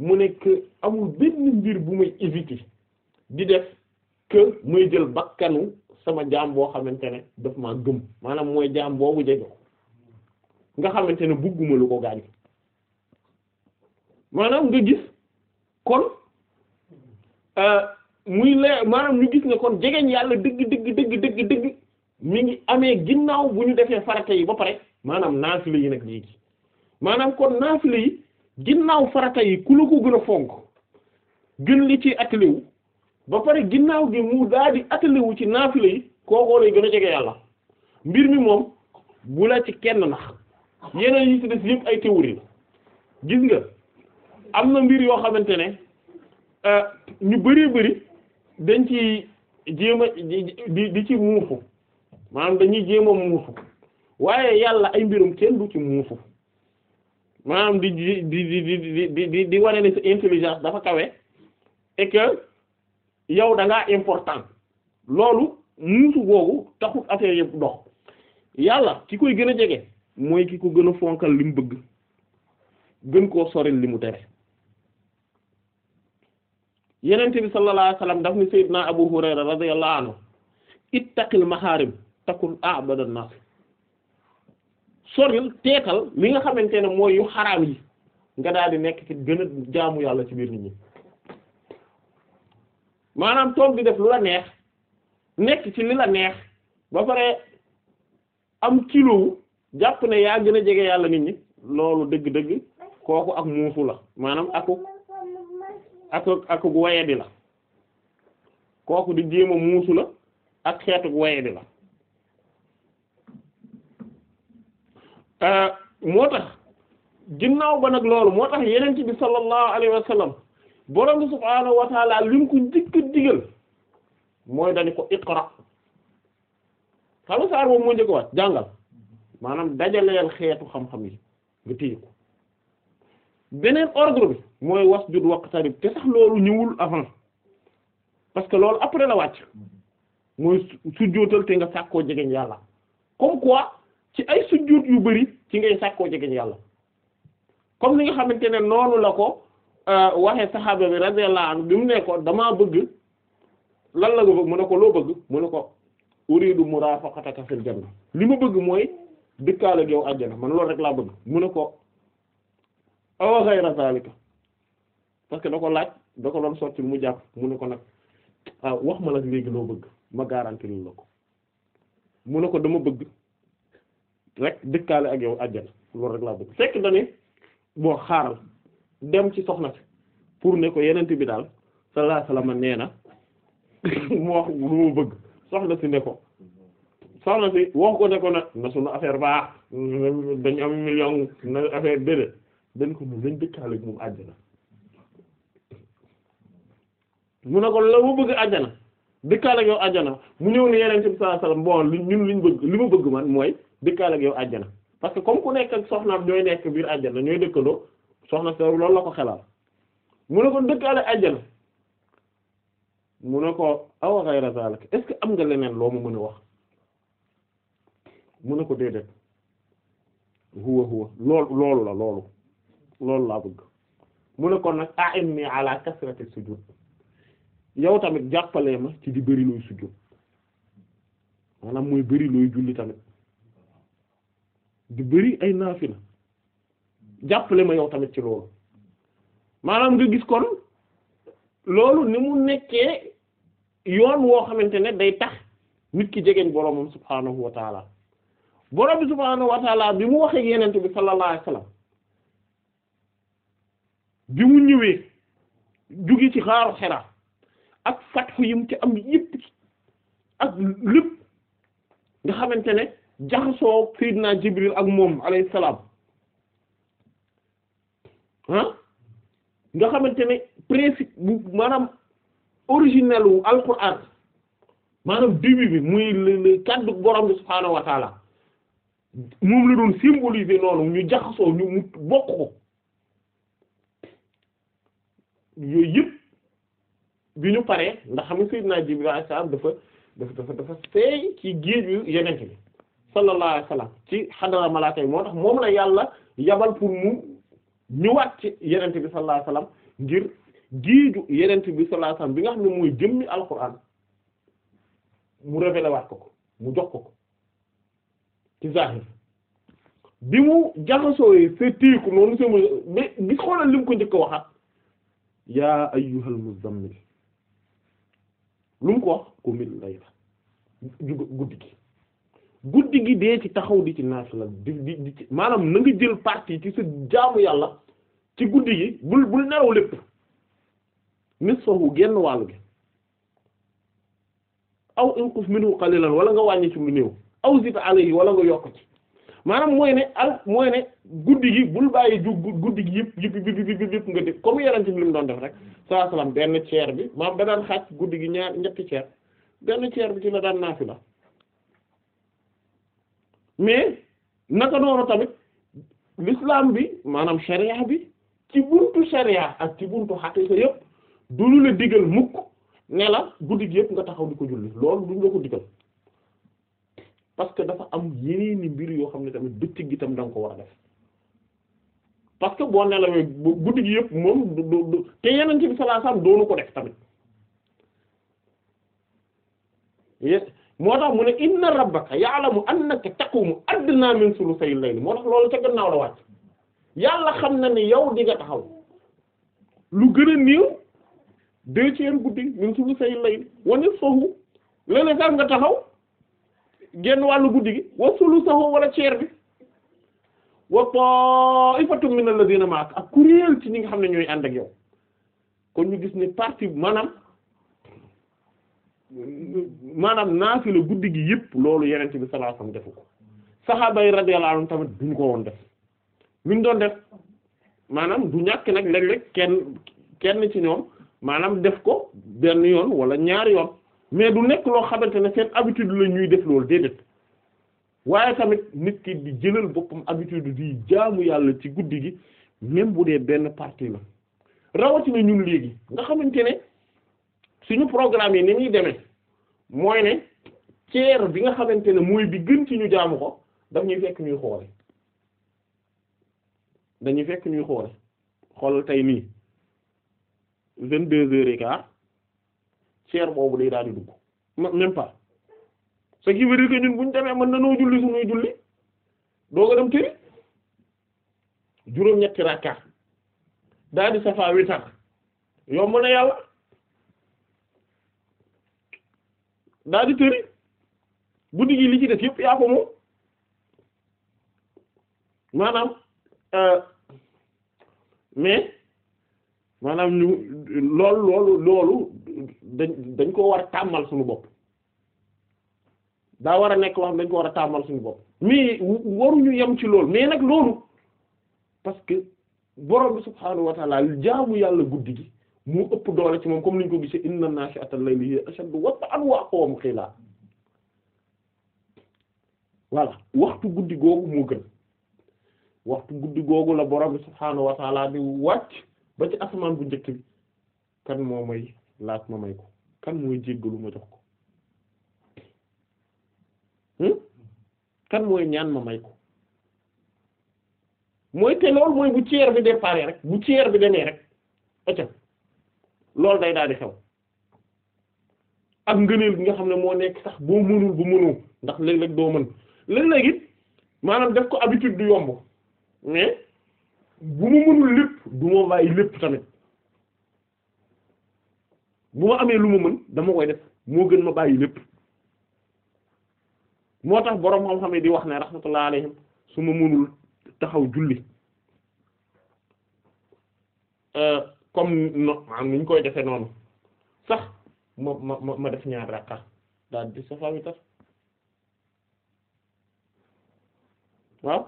mu nekk amul benn mbir bu may éviter di def que muy jël bakkanu sama jaam boo xamante ne daf maa gëm maanaam mooy jaam boobu jege nga xamante ne bugguma ko gaañ maanaam nga gis kon euh, muy lee maanaam ñu gis ne kon jegeñ yàlla dëgg dëgg dëgg dëgg dëgg ngi amee ginnaaw bu ñu defee farata yi ba pare maanaam naafila yi nag léegi maanaam kon naafile yi ginnaaw farata yi ku la ko gën a fonk gën li ci attelé ba pare ginnaaw gi mu daal di wu ci naafile yi kookoo lay gën a jege yàlla mbir mi moom bu la ci kenn nax yeneen yi ci des yëpp ay théorie la gis nga am na mbir yoo xamante ne euh, ñu bëree bëri dañ ci jéem a di di ci muufu maanaam dañuy jéem a muufu waaye yàlla ay mbirum kenn du ci muufu maanaam di di di di di di di wane ne sa intelligence dafa kawe et que yow da important loolu muusu googu taxut affaire yëpp dox yàlla ki koy gën a jege mooy ki ko gën a fonkal li mu bëgg gën koo soril li mu tere yenente bi sallallahu alayhi wasallam daf ni sayyidna Abu Hurayra radiyallahu anhu ittaqil maharim takun a'badan nas soril teetal li nga xamante ne mooy yu xaraam yi nga daal di nekk ci gën a jaamu yàlla ci biir nit ñi maanaam toog di def lu la neex nekk ci li la neex ba pare am kilo jàpp ne yaa gën a jege yàlla nit ñi loolu dëgg-dëgg kooku ak muusu la maanaam aku aku aku waye di la kooku di jéem a muusu la ak xeetu waye di la Euh, moo tax ginnaaw ba nag loolu moo tax yeneen ci bi sallallahu alayhi wa sallam borom bi subhaanahu ko njëkk a digal mooy dañu ko iqra xam nga saar moom moo njëkk waat jàngal maanaam dajaleel xeetu xam-xam yi nga téye ko beneen ordre bi mooy wasjud waqtarib te sax loolu ñëwul avant parce que loolu après la wàcc mooy sujjóotal te nga sàkkoo jegeñ yàlla comme quoi ci ay sujjóot yu bëri ci ngay sàkkoo jegeñ yàlla comme li nga xamante ne noonu la ko euh, waxee saxaaba bi radiyallahu bi mu ne ko damaa la nga bëgg mu ne bëgg mu ne ko uridu murafaqataka fil li ma bëgg mooy dëkkaale ak yow àjjana man loolu rek laa bëgg mu ne ko aw ghayra zalika que da ko laaj da ko doon sotti mu jàpp mu ne ko nag ah, wax ma la léegi loo bëgg ma garanti lu la ko mu ne ko dama bëgg rek dëkkaale ak yow àjjana loolu rek laa bëgg fekk na ne boo xaaral dem ci soxna si pour ne ko yenent bi daal sallallahu alayhi nee na mu wax lu mu bëgg soxna si ne ko soxna si wax ko ne ko nag na sunu affaire baax dañ am million na affaire déedéet dañ ko mun lañ dëkkaale ak moom àjjana mu ne ko la mu bëgg àjjana dëkkaale ak yow àjjana mu ñëw ne yenent bi sallallahu alayhi wasallam bon ñun liñ bëgg li mu bëgg man mooy dëkkaale ak yow àjjana parce que comme ku nekk ak soxnaam nekk biir àjjana ñooy dëkkandoo soxna sa loolu la ko xelal mu ne ko dëkkaale àjjana mu ne ko awa ghayra zalika que am nga leneen loo mu mën a wax mu ne ko déedéet huwa huwa loolu loolu la loolu loolu laa bëgg mu ne kon nag a'inni ala kasrati sujud yow tamit jàppalee ma ci di bëri looy sujud maanaam mooy bëri looy julli tamit di bëri ay naafila jàppale ma yow tamit ci loolu maanaam nga gis kon loolu ni mu nekkee yoon woo xamante ne day tax nit ki jegeñ boromam subhaanahu wa taala borom bi subhaanahu wa bi mu waxee yenente bi sallallahu alayhi wasallam bi mu ñëwee jugi ci xaaru xera ak fatxu yi ci am yëpp ak lépp nga xamante ne jaxasoo Seydina Jibril ak moom alayhi salaam ah nga xamante ne principe bu maanaam originel wu alquran maanaam début bi muy le kaddu borom bi subhaanahu wa moom la doon symboliser noonu ñu jaxasoo ñu mu bokk ko yooyu yëpp bi ñu paree nga xam ne Jibril alayhi salaam dafa dafa dafa dafa ci géej yu yeneen bi sallallahu wa sallam ci xadara malaaka yi moo tax moom la yàlla yabal pour mu ñëwaat ci yenente bi sallallahu wa sallam ngir giiju yenente bi sallallahu wa sallam bi nga xam ne mooy jëmmi alquran mu révélé waat ko ko mu jox ko ko ci zahir bi mu jaxasooyee sa téiku noonu sama mais bi xoolal li ko njëkk a waxaat yaa ayyuhal muzammil lu ko wax ko mil lay guddi gi guddi gi dee ci taxaw di ci naafila di di di maanaam na nga jël partie ci sa jaamu yàlla ci guddi gi bul bul nelaw lépp nisfahu genn wàll gi aw inqus minhu qalilan wala nga wàññi ci lu néew aw zid alayhi wala nga yokk ci maanaam mooy ne al mooy ne guddi gi bul bàyyi ju guddi gi yëpp yëpp yëpp yëpp nga def comme yeneen ci li mu doon def rek sallallahu alayhi wasallam benn ceer bi maam da daan xaaj guddi gi ñaar ñetti ceer benn ceer bi ci la daan naafila mais naka noonu tamit l'islam bi maanaam sharia bi ci buntu sharia ak ci buntu xaqiqa yëpp du lu la digal mukk ne guddi gi yëpp nga taxaw di ko julli loolu duñ la ko digal parce que dafa am yeneeni mbir yoo xam ne tamit bëccëg gi tam da ko war a def parce que boo nelawee guddi gi yëpp moom du du te yeneen ci bi sallallahu alayhi wasallam doonu ko def tamit. moo tax mu ne inna rabbaka ya'lamu annaka taqumu adna min sulusayil layl moo tax loolu ca gannaaw la wàcc yàlla xam na ne yow di nga taxaw lu gën a néew deux tiers guddi min sulusayil layl wa nisfahu léeg-léeg sax nga taxaw genn wàllu guddi gi wa sulusahu wala tiers bi wa ta'ifatun min alladhina ma'ak ak kuréel ci ñi nga xam ne ñooy ànd ak yow kon ñu gis ne partie maanaam maanaam naafila guddi gi yëpp loolu yenente bi sallallahu alayhi wasallam defu ko saxaaba yi radiyallahu anhum tamit duñ ko woon def luñ doon def maanaam du ñàkk nag léeg-léeg kenn kenn ci ñoom maanaam def ko benn yoon wala ñaari yoon mais du nekk loo xamante ne seen habitude la ñuy def loolu déedéet waaye tamit nit ki di jëlal boppam habitude di jaamu yàlla ci guddi gi même bu dee benn partie la rawatina ñun léegi nga xamante ne suñu programme yi ni muy deme mooy ne ceer bi nga xamante ne mooy bi gën ci ñu jaamu ko daf ñuy fekk ñuy xoole dañuy fekk ñuy xoole xoolal tey nii vingt deux heures et quart ceer boobu de daal di dugg même pas ce qui ñun bu ñu demee mën nanoo julli suñuy julli doo ko dem tëri juróom-ñetti rakka daal di safaa witar yomb na yàlla daa di tëri guddi gi li ci def yëpp yaa ko moom maanaam euh, mais maanaam ñu loolu loolu loolu dañ dañ ko war a tàmmal suñu bopp daa war a nekk loo xam dañ ko war a tàmmal suñu bopp mais waruñu yem ci loolu mais nag loolu parce que borom bi subhaanahu wa ta'ala jaamu yàlla guddi gi mu ëpp doole ci moom comme ni ñu ko gisee inna naashi'atal layli hiya ashaddu wat'an wa aqwamu qiila voilà waxtu guddi googu moo gën waxtu guddi googu la borom bi subhaanahu wa wàcc ba ci asamaan bu njëkk bi kan moo may laaj ma may ko kan mooy jéggalu ma jox ko hmm? kan mooy ñaan ma may ko mooy te loolu mooy bu ceer bi départ rek bu ceer bi demee rek acam loolu day daal di xew ak ngëneel bi nga xam ne moo nekk sax boo mënul bu mënoo ndax léeg-léeg doo mën léeg-léeg it maanaam def ko habitude du yomb mais bu ma mënul lépp du ma bàyyi lépp tamit bu ma amee lu ma mën dama koy def moo gën ma bàyyi lépp moo tax boroom xam-xam yi di wax ne rahmatullah alayhim su ma mënul taxaw julli euh, comme no am niñ koy defe noonu sax ma ma ma def ñaar rakka daal di safa witar waaw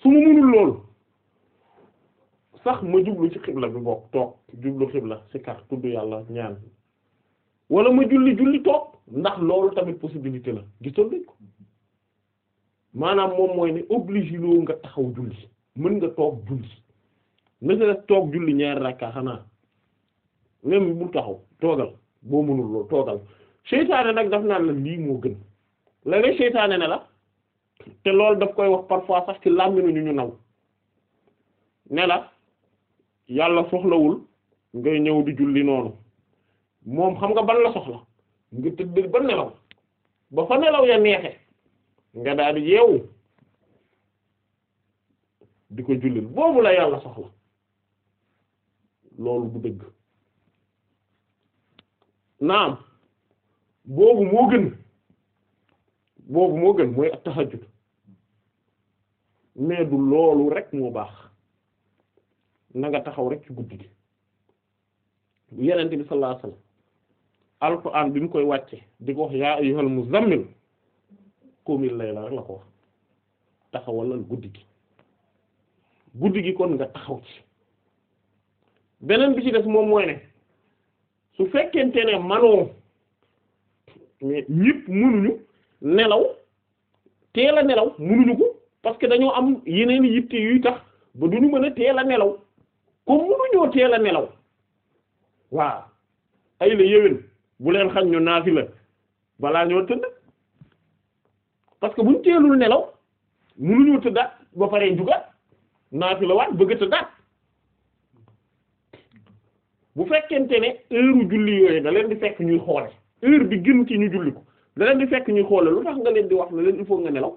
su ma mënul loolu sax ma jublu ci xibla bi bokk toog jublu xibla si kar tudd yàlla ñaan wala ma julli julli toog ndax loolu tamit possibilité la gisoon nañ maanaam moom mooy ne obligé loo nga taxaw julli mën nga toog julli nasa toog julli ñaari rakka xanaa même bu taxaw toogal boo mënul loolu toogal seytaane nag daf naan la lii moo gën léeg-léeg seytaane ne la te loolu daf koy wax parfois sax ci làmmiñu ñu ñu naw ne yàlla soxlawul ngay ñëw di julli noonu moom xam nga ban la soxla nga tëdd ba nelaw ba fa nelaw ya neexe nga daal di yeewu di ko jullil boobu la yàlla soxla loolu bu dëgg naam boobu moo gën boobu moo gën mooy at-tahajjud mais du loolu rekk moo baax na nga taxaw rek ci guddi gi yeneen bi sallallahu alayhi wasallam alxuraan bi mu koy wàcce di ko wax yaa ayyuhal muzammil qumil layla rek la ko wax taxawalal guddi gi guddi gi kon nga taxaw ci beneen bi ci des moom mooy ne su fekkente ne manoo mais ñëpp mënuñu nelaw teel nelaw mënuñu ko parce que dañoo am yeneen yitte yuy tax ba duñu mën a teel nelaw ko mënuñoo teel a nelaw waa ay la bu leen xañ ñu naafi la balaa ñoo tëdd parce que buñ teelul nelaw mënuñoo tëddaat ba pare jugaat naafi la waat bëgg tëddaat bu fekkente ne heure julli yooyu da leen di fekk ñuy xoole heure bi gën ci ñu julli ko da leen di fekk ñuy xoole lu tax nga leen di wax ne leen il faut nga nelaw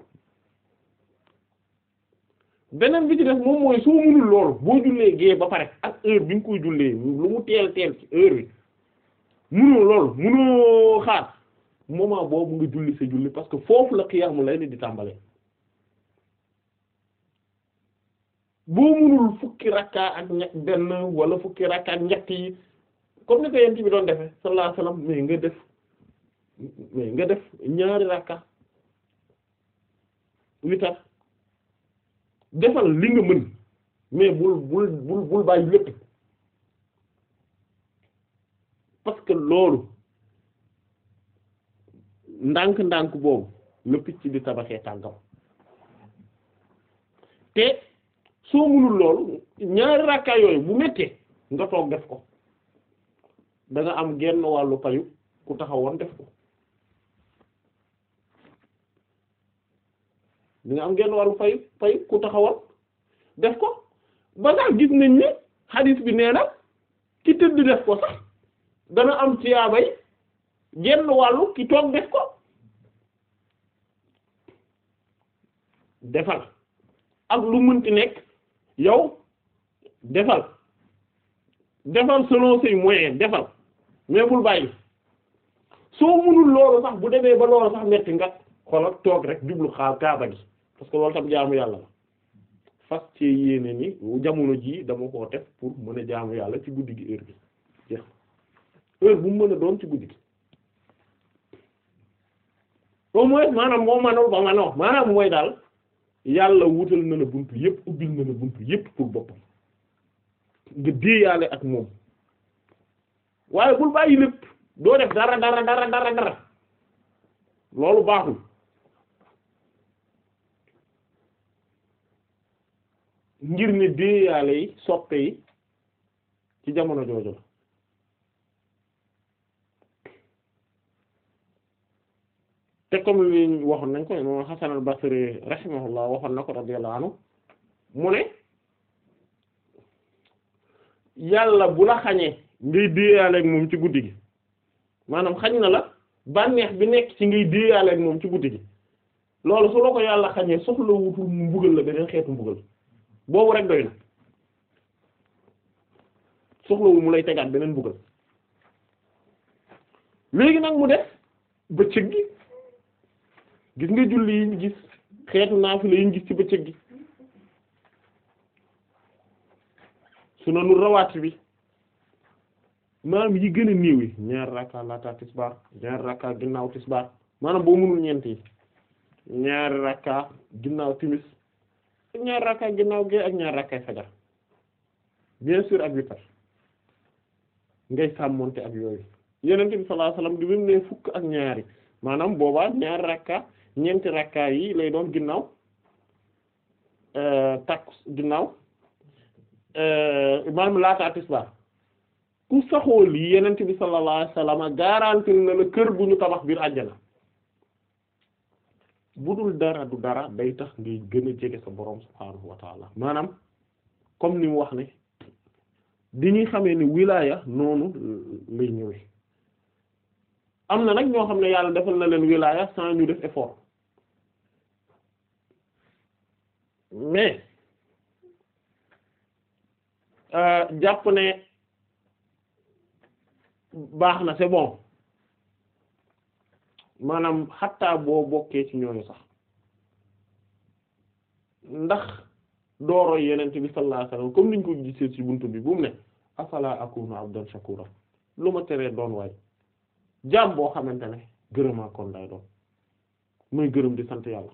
beneen bi ci def moom mooy soo mënul loolu boo jullee gée ba pare ak heure bi nga koy jullee lu mu teel teel ci heure bi mënoo loolu mënoo xaar moment boobu nga julli sa julli parce que foofu la xiyaamul lay di tàmbalee boo munul fukki rakka ak ñett benn wala fukki rakka ak ñett yi comme ni ko yent bi doon defee sallallahu alayhi wasallam mais nga def mais nga def ñaari rakka witar defal li nga mën mais bul bul bul bul bàyyi lépp parce que loolu ndànk-ndànk boobu la picc di tabaxee tànkam te soo mënul loolu ñaari rakka yooyu bu méttee nga toog def ko danga am genn wàllu payu ku taxawoon def ko am genn wàllu payu payu ku taxawoon def ko ba sax gis nañ ni hadith bi nee na ki tëdd def ko sax dana am tiyaabay genn wàllu ki toog def ko defal ak lu mënti nekk yow defal defal selon ses moyens defal mais bul bàyyi soo mënul loolu sax bu demee ba loolu sax metti nga xoolal toog rek jublu xaal kaaba gi parce que loolu tam jaamu yàlla la fas ci yéene ni jamono jii dama koo def pour mën a jaamu yàlla ci guddi gi heure bi heure bu mu mën a doon ci guddi gi au moins maanaam moo manul ba manoo maanaam mooy daal yàlla wutal na la buntu yépp ubbil na la buntu yépp pour boppam nga déeyaale ak moom waaye bul bàyyi lépp doo def dara dara dara loolu baaxul ngir ne déeyaale yi soppe yi ci jamono jooju te comme li waxoon nañ ko imam Hasan al-Basri rahimahullah waxoon na ko radiyallahu anhu mu ne yàlla bu la xañee ngay déeyaaleeg moom ci guddi gi maanaam xañ na la bànneex bi nekk ci ngay déeyaaleeg moom ci guddi gi loolu su la ko yàlla xañee soxla mu mbugal la beneen xeetu buggal boobu rek doy na soxlawul mu lay tegaat beneen mbugal léegi nag mu def bëccëg gi gis nga julli yi ñu gis xeetu naafila yi ñu gis ci bëccëg gi sunanu rawaati bi maanaam yi gën a néew yi ñaar rakka laata tisbaar ñaar rakka ginnaaw tisbaar maanaam boo mënul ñeent yi ñaari rakka ginnaaw timis ñaar rakka ginnaaw gee ak ñaar rakkay fajar bien sûr ak wittar ngay sàmmonte ak yooyu yenente bi sallallahu alayhi di mu ne fukk ak ñaari maanaam boobaa ñaar rakka ñeenti rakkaay yi lay doon ginnaaw euh, takku ginnaaw euh, maanaam laata tisbaar ku saxoo lii yenent bi sallallahu alayhi wasallam na la kër gu ñu tabax biir àjjana bu dul dara du dara day tax ngay gën a jege sa borom subhaanahu wa maanaam comme ni mu wax ne di ñuy xamee ni wilaya noonu lay ñëwee am na nag ñoo xam ne yàlla defal na leen wilaya sans ñu def effort mais euh, jàpp ne baax na c'est bon maanaam xattaa boo bokkee ci ñooñu sax ndax dooroy yenent bi sallallahu alayhi wasallam comme niñ ko gisee ci buntu bi bu mu ne afala akunu abdan shakura lu ma teree doon waay jaam boo xamante ne gërëmaa kon lay doon muy gërëm di sant yàlla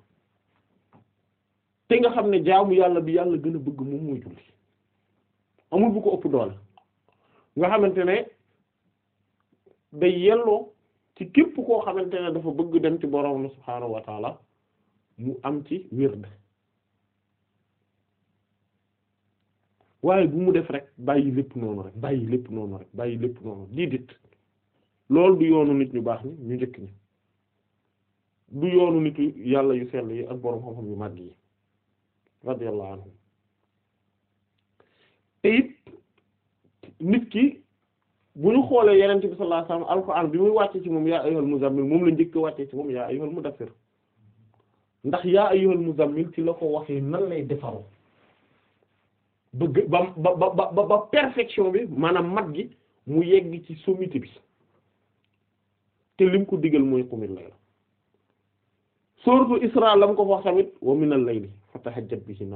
te nga xam ne jaamu yàlla bi yàlla gën a bëgg moom mooy julli amul bu ko ëpp doole nga xamante ne day yelloo ci képp koo xamante ne dafa bëgg dem ci borom subhaanahu wa taala mu am ci wird waaye bu mu def rek bàyyi lépp noonu rek bàyyi lépp noonu rek bàyyi du yoonu nit ñu baax ni ñu njëkk ñi du yoonu nit yàlla yu sell yi ak boroom xam-xam yu màgg yi radiyallahu anhu te it nit ki bu ñu xoolee yenente bi sallallahu alayhi wasallam bi muy wàcce ci moom yaa ayyuhal muzammil moom la njëkk wàcce ci moom yaa ayyuhal mudaffir ndax yaa ayyuhal muzammil ci la ko waxee nan lay defaroo bëgg ba ba ba ba perfection bi maanaam mat gi mu yegg ci sommité bi te lim ko digal mooy qumil layla sourate Isra lam ko wax tamit na lay layli fa tahajjat bihi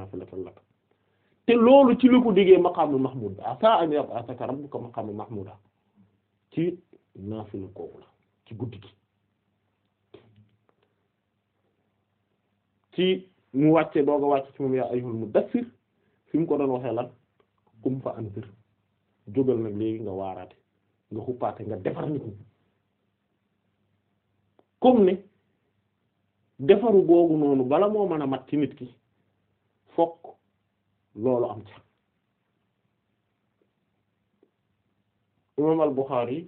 te loolu ci la ko déggee maqaamu mahmud asa an yab'athaka rabbuka maqaaman mahmuda ci naafila kooku la ci guddi gi ci mu wàcce doog a wàcce ci moom yaa ayyuhal fi mu ko doon waxee lan kum fa anzir jógal nag léegi nga waaraate nga xuppaate nga defar nit ñi comme ne defaru googu noonu bala moo mën a mat ci nit ki fokk loolu am ca imam al Bukhari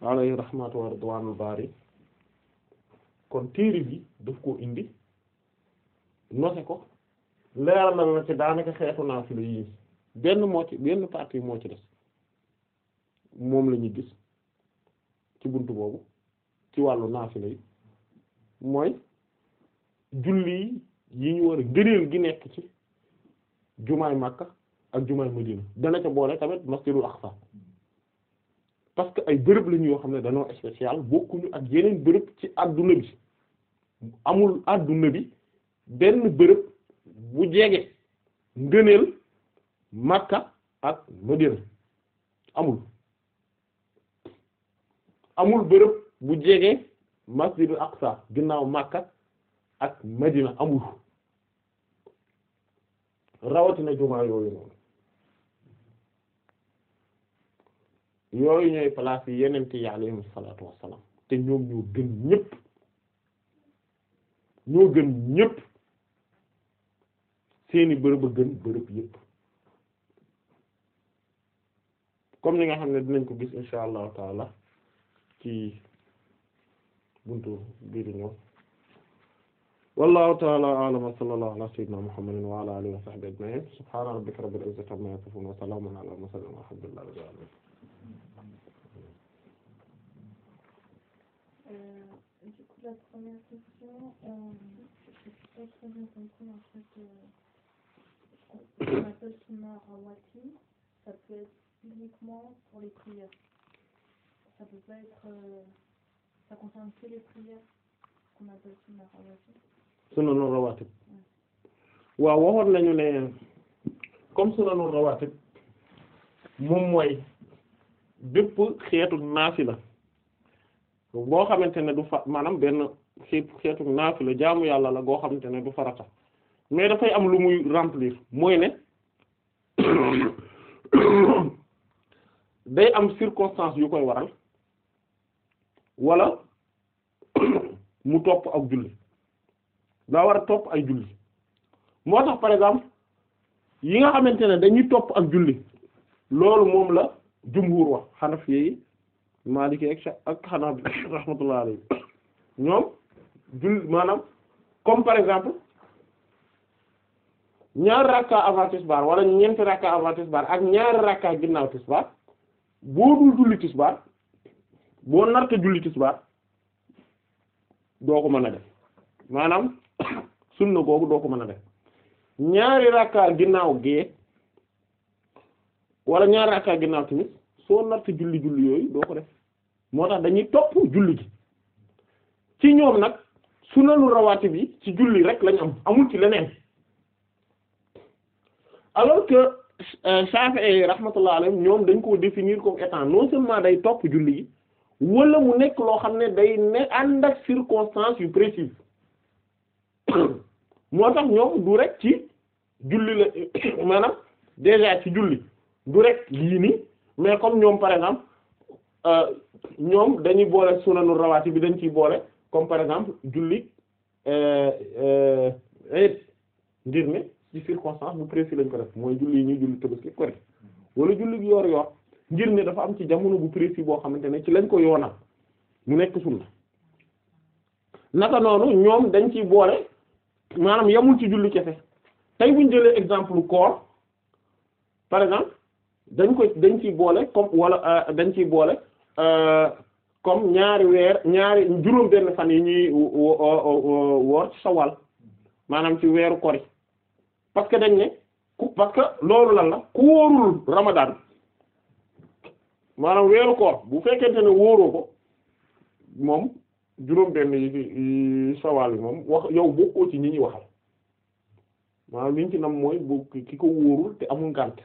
alayhi rahmatu wa ridwanul bari kon téere bi daf koo indi nose ko leeralal na ci daanaka xeetu naa fi la yi benn moo ci benn partie moo ci des moom la gis ci bunt boobu ci wàllu naafila yi mooy julli yi ñu war a gi nekk ci jumaay Makka ak jumaay Madina dana ca boole tamit masjidul Aqsa parce que ay bërëb lañu yoo xam ne dañoo spécial bokkuñu ak yeneen bërëb ci adduna bi amul àdduna bi benn bërëb bu jege ngëneel Makka ak Madina amul amul bërëb bu jege masjidul Aqsa ginnaaw Makka ak Madina amul rawatina jumaa yooyu noonu yooyu ñooy place yi yeneen yi alayhim salaatu wassalaam te ñoom ñoo gën ñépp ñoo gën ñépp seeni bërëb a gën bërëb yépp comme ni nga xam ne dinañ ko gis insha allahu taala ci buntu bii di wallahu ta'ala a'lam wa sallallahu ala sayyidina muhammadin wa ala alihi wa sahbihi ajma'in subhana rabbika rabbil izzati amma yasifun wa salamun ala al mursalin walhamdulillahi rabbil alamin du coup la première question c'est très bien compris en fait on appelle sunna rawatib ça peut être uniquement pour les prières ça peut pas être euh, ça concerne que les prières qu'on appelle sunna rawatib sunanu rawaatib waaw waxoon lañu ne comme sunanu rawaatib moom mooy bépp xeetu la boo xamante ne du fa maanaam benn xeetu xeetu naafila jaamu yàlla la goo xamante ne du farata mais dafay am lu muy remplir mooy ne day am circonstance yu koy waral wala mu topp ak julli daa war a topp ay julli moo tax par exemple yi nga xamante ne dañuy topp ak julli loolu moom la jumhur wax xanaf yi maliki ak ak xanaa bi rahmatullah alayhi ñoom julli maanaam comme par exemple ñaari rakka avant tisbaar wala ñeenti rakka avant tisbaar ak ñaari rakka ginnaaw tisbaar boo dul julli tisbaar boo narta julli tisbaar doo ko mën a def maanaam sunna googu doo ko mën a def ñaari rakka ginnaaw gee wala ñaari rakka ginnaaw tamit soo nart julli julli yooyu doo ko def moo tax dañuy topp julli gi ci ñoom nag sunanu rawaati bi ci julli rek lañ am amul ci leneen alors que euh, Shafi'i rahmatullah alayhim ñoom dañ koo définir comme étant non seulement day topp julli yi wala mu nekk loo xam ne day ne ànd ak circonstances yu précises moo tax ñoom du rek ci julli la maanaam déjà ci julli du rek lii nii mais comme ñoom par exemple euh, ñoom dañuy boole sunanu rawaati bi dañ ciy boole comme par exemple julli euh, euh, it ngir ne ci circonstance bu précis lañ ko def mooy julli yi ñuy julli Tabaski ko rek wala julli gi yor-yor ngir ne dafa am ci jamono bu précis boo xamante ne ci lañ ko yoonal mu nekk sunna naka noonu ñoom dañ ciy boole. maanaam yamul ci julli kese tey bu ñu jëlee exemple koor par exemple dañ ko dañ ci boole comme wala dañ ciy boole comme euh, euh, ñaari weer ñaari juróom benn fan yi ñuy woor ci sawal maanaam ci weeru kori parce que dañ ne ku parce que loolu lan la ku wóorul ramadan maanaam weeru koor bu fekkente ne wóoroo ko moom juróom benn yi sawaal yi moom wax yow bokkoo ci ñi ñuy waxal maanaam liñ ci nam mooy bu ki ko wóorul te amul ngànt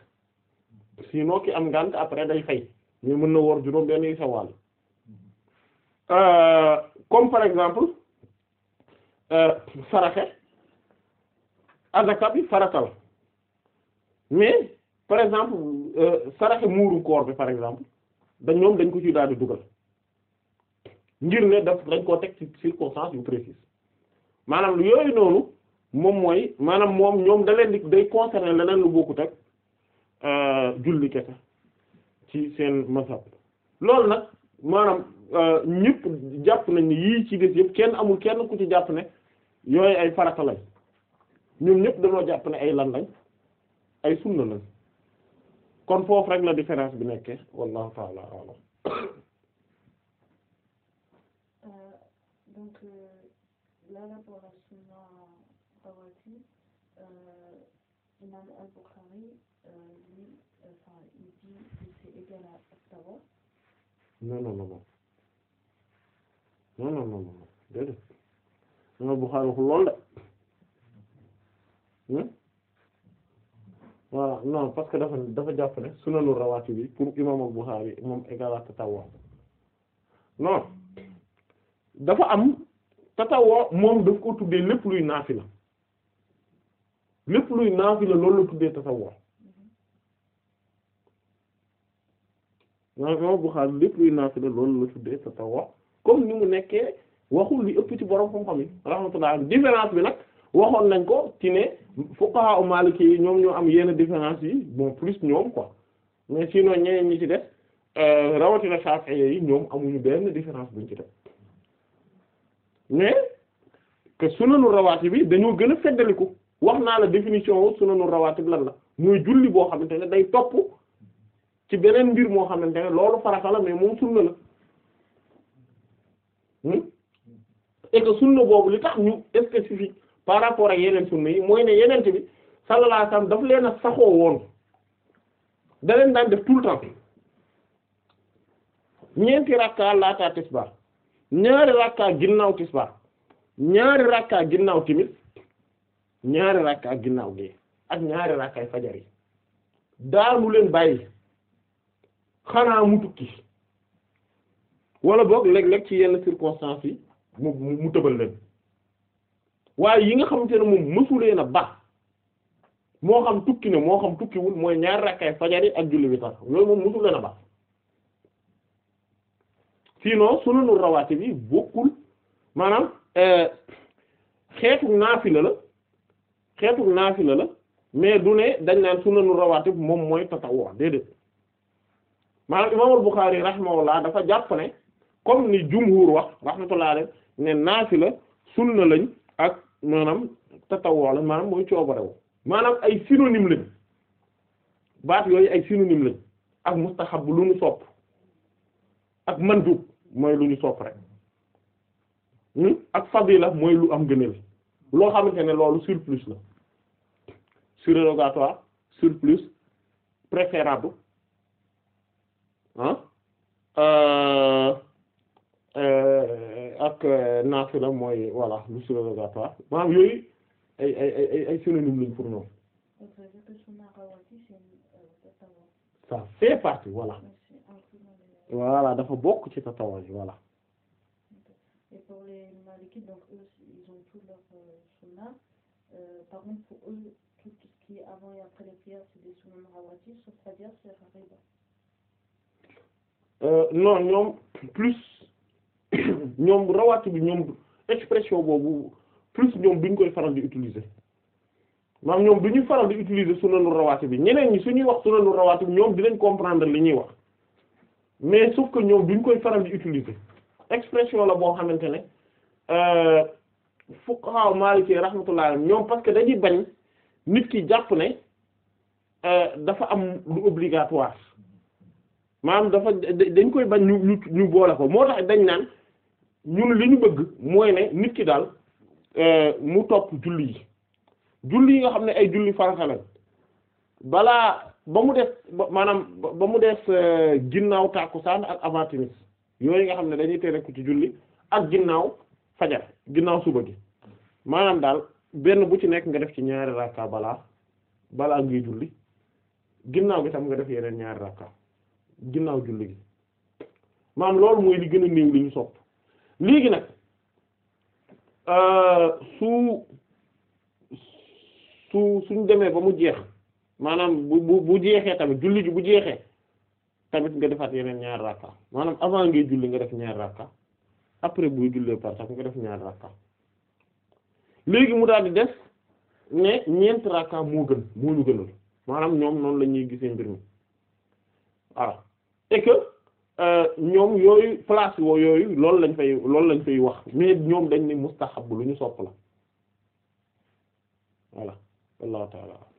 sinon ki am ngànt après day fay mais mën na woor juróom benn yi sawaal euh, comme par exemple euh, saraxe mais par exemple euh, saraxe muuru koor bi par exemple dañ ñoom dañ ko ci daal di dugal ngir ne daf dañ koo teg ci circonstance yu précise maanaam lu yooyu noonu moom mooy maanaam moom ñoom dalee leen di day concerner leneen lu bokkut ak euh, julli kese ci seen masab loolu nag maanaam euh, ñëpp jàpp nañ ne yii ci des yëpp kenn amul kenn ku ci jàpp ne yooyu ay farata lañ ñoom ñëpp dañoo jàpp ne ay lan lañ ay sunna lañ kon foofu rek la différence bi nekkee wallahu ta'ala a'lam Donc euh, là, euh, pour la sunna rawatib, Imam al-Bukhari, lui, enfin, il dit que c'est égal à tawaf. Non, non, non, non. parce que dafa dafa jàpp ne sunanu rawatib bi pour Imam al-Bukhari moom égal à tawaf. Non. dafa am tatawoo moom daf ko tuddee lépp luy naafila lépp luy naafila loolu la tuddee tatawoo maanaam Buxaari lépp luy naafila loolu la tuddee tatawoo comme ni mu nekkee waxul li ëpp ci borom xam-xam yi rahmatullah différence bi nag waxoon nañ ko ci ne fuqaha u Maliki yi ñoom ñoo am yenn différence yi bon plus ñoom quoi mais sinon ñeneen ñi ci def euh, rawatina Shafi'i yi ñoom amuñu benn différence buñ ci def. mais que sunanu rawaati bi dañoo gën a feddaliku wax naa la définition wu nu rawaati bi lan la mooy julli boo xamante ne day topp ci beneen mbir moo xamante ne loolu farata la mais moom sunna la hmm? et que sunna boobu li tax ñu spécifique par rapport ak yeneen sunna yi mooy ne yeneen bi sallallahu alayhi daf leen a saxoo woon da leen daan def tout le temps ñeenti rakka laata tisbaar ñaari rakka ginnaaw tisbaar ñaari rakka ginnaaw timis ñaari rakka ginnaaw gee ak ñaari rakkaay fajar yi daanu leen bàyyi xanaa mu tukki walla boog léeg-léeg ci yenn circonstances yi mu mu tëbal leen waaye yi nga xamante ne moom mësuleen a baax moo xam tukki ne moo xam tukkiwul mooy ñaari rakkaay fajar yi ak julli bi sax loolu moom mësuleen a sinon sunanu rawaati bi bokkul maanaam euh, xeetu naafila la xeetu naafila la mais du ne dañ naan sunanu rawaati bi moom mooy tatawoo déedéet maanaam imaamul Buxaari rahimahullah dafa jàpp ne comme ni jumhur wax rahmatullah alayhi ne naafila sunna lañ ak maanaam tatawoo la maanaam mooy coobarewu maanaam ay synonyme lañ baat yooyu ay synonyme lañ ak mustaxab lu ñu sopp ak mandub mooy lu ñu sopp rek hmm? ak fadila mooy lu am gënal loo xamante ne loolu surplus la surrogatoire surplus préférable euh, euh, ak ak euh, naafila mooy voilà lu surrogatoire maanaam yooyu ay ay ay ay synonyme pour ñoom ça voilà dafa bokk ci tatawaj voilà. et pour les malikites donc ñoom plus ñoom rawatib bi ñoom expression boobu plus ñoom duñ koy faral di utiliser maanaam ñoom duñuy faral di utiliser sunanu rawati bi ñeneen ñi suñuy wax sunanu rawatib bi ñoom dinañ comprendre li ñuy wax. mais sauf que ñoom duñ koy faral di utiliser expression la boo xamante ne euh, fuqaha maliki rahmatullah ñoom parce que dañuy bañ nit ki jàpp ne euh, dafa am lu obligatoire maanaam dafa dañ koy bañ ñu ñu ñu boole ko moo tax dañ naan ñun li ñu bëgg mooy ne nit ki daal euh, mu topp julli yi julli yi nga xam ne ay julli farata lañ balaa ba mu def maanaam ba mu def euh, ginnaaw tàkkusaan ak avant timis yooyu nga xam ne dañuy tere ku ci julli ak ginnaaw fajar ginnaaw suba gi maanaam daal benn bu ci nekk nga def ci ñaari rakka balaa balaa ngay julli ginnaaw gi tam nga def yeneen ñaari rakka ginnaaw julli gi maanaam loolu mooy li gën a néew li ñu sopp léegi nag euh, su su suñ demee ba mu jeex maanaam bu bu bu jeexee tamit julli ji bu jeexee tamit nga defaat yeneen ñaar rakka maanaam avant ngay julli nga def ñaar rakka après buy jullee par sax nga def ñaar rakka léegi mu daal di def ne ñeent rakka moo gën moo ñu gënal maanaam ñoom noonu la ñuy gisee mbir mi voilà et que euh, ñoom yooyu place yooyu loolu lañ fay loolu lañ fay wax mais ñoom dañ ne mustahab lu ñu sopp la voilà wallahu ta'ala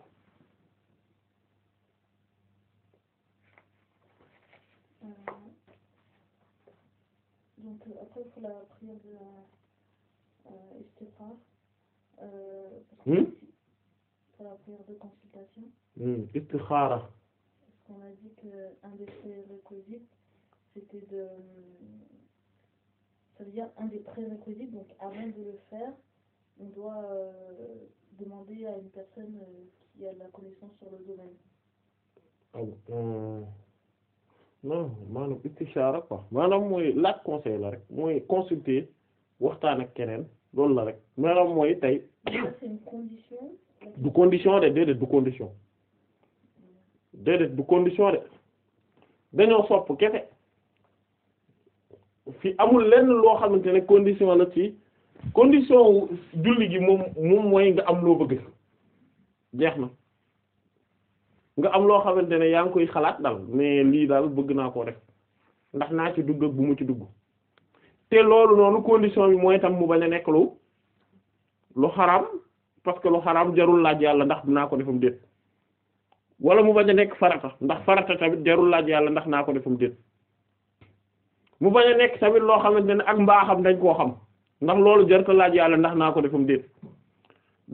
donc euh, après il faut la prière de la euh, istighfar. Euh, hmm? pour la prière de consultation. Hmm, istikhara. parce qu'on a dit que un de ses c'était de ça veut un des prérequisites donc avant de le faire on doit demander à une personne qui a la connaissance sur le domaine. Ah non maanaam istixaara quoi maanaam mooy laaj conseil la rek mooy consulter waxtaan ak keneen loolu la rek maanaam mooy tey. du condition de déedéet du condition déedéet du condition de dañoo sopp kese fi amul lenn loo xamante ne condition la ci condition julli gi moom moom mooy nga am loo bëgg jeex na. nga am loo xamante ne yaa ngi koy xalaat daal mais lii daal bëgg naa koo def ndax naa ci dugg ak bu mu ci dugg te loolu noonu condition bi mooy tam mu bañ a nekk lu lu xaraam parce que lu xaraam jarul laaj yàlla ndax naa ko defam déet wala mu bañ a nekk farata ndax farata tamit jarul laaj yàlla ndax naa ko defam déet mu bañ a nekk tamit loo xamante ne ak mbaaxam dañ koo xam ndax loolu jarta laaj yàlla ndax naa ko defam déet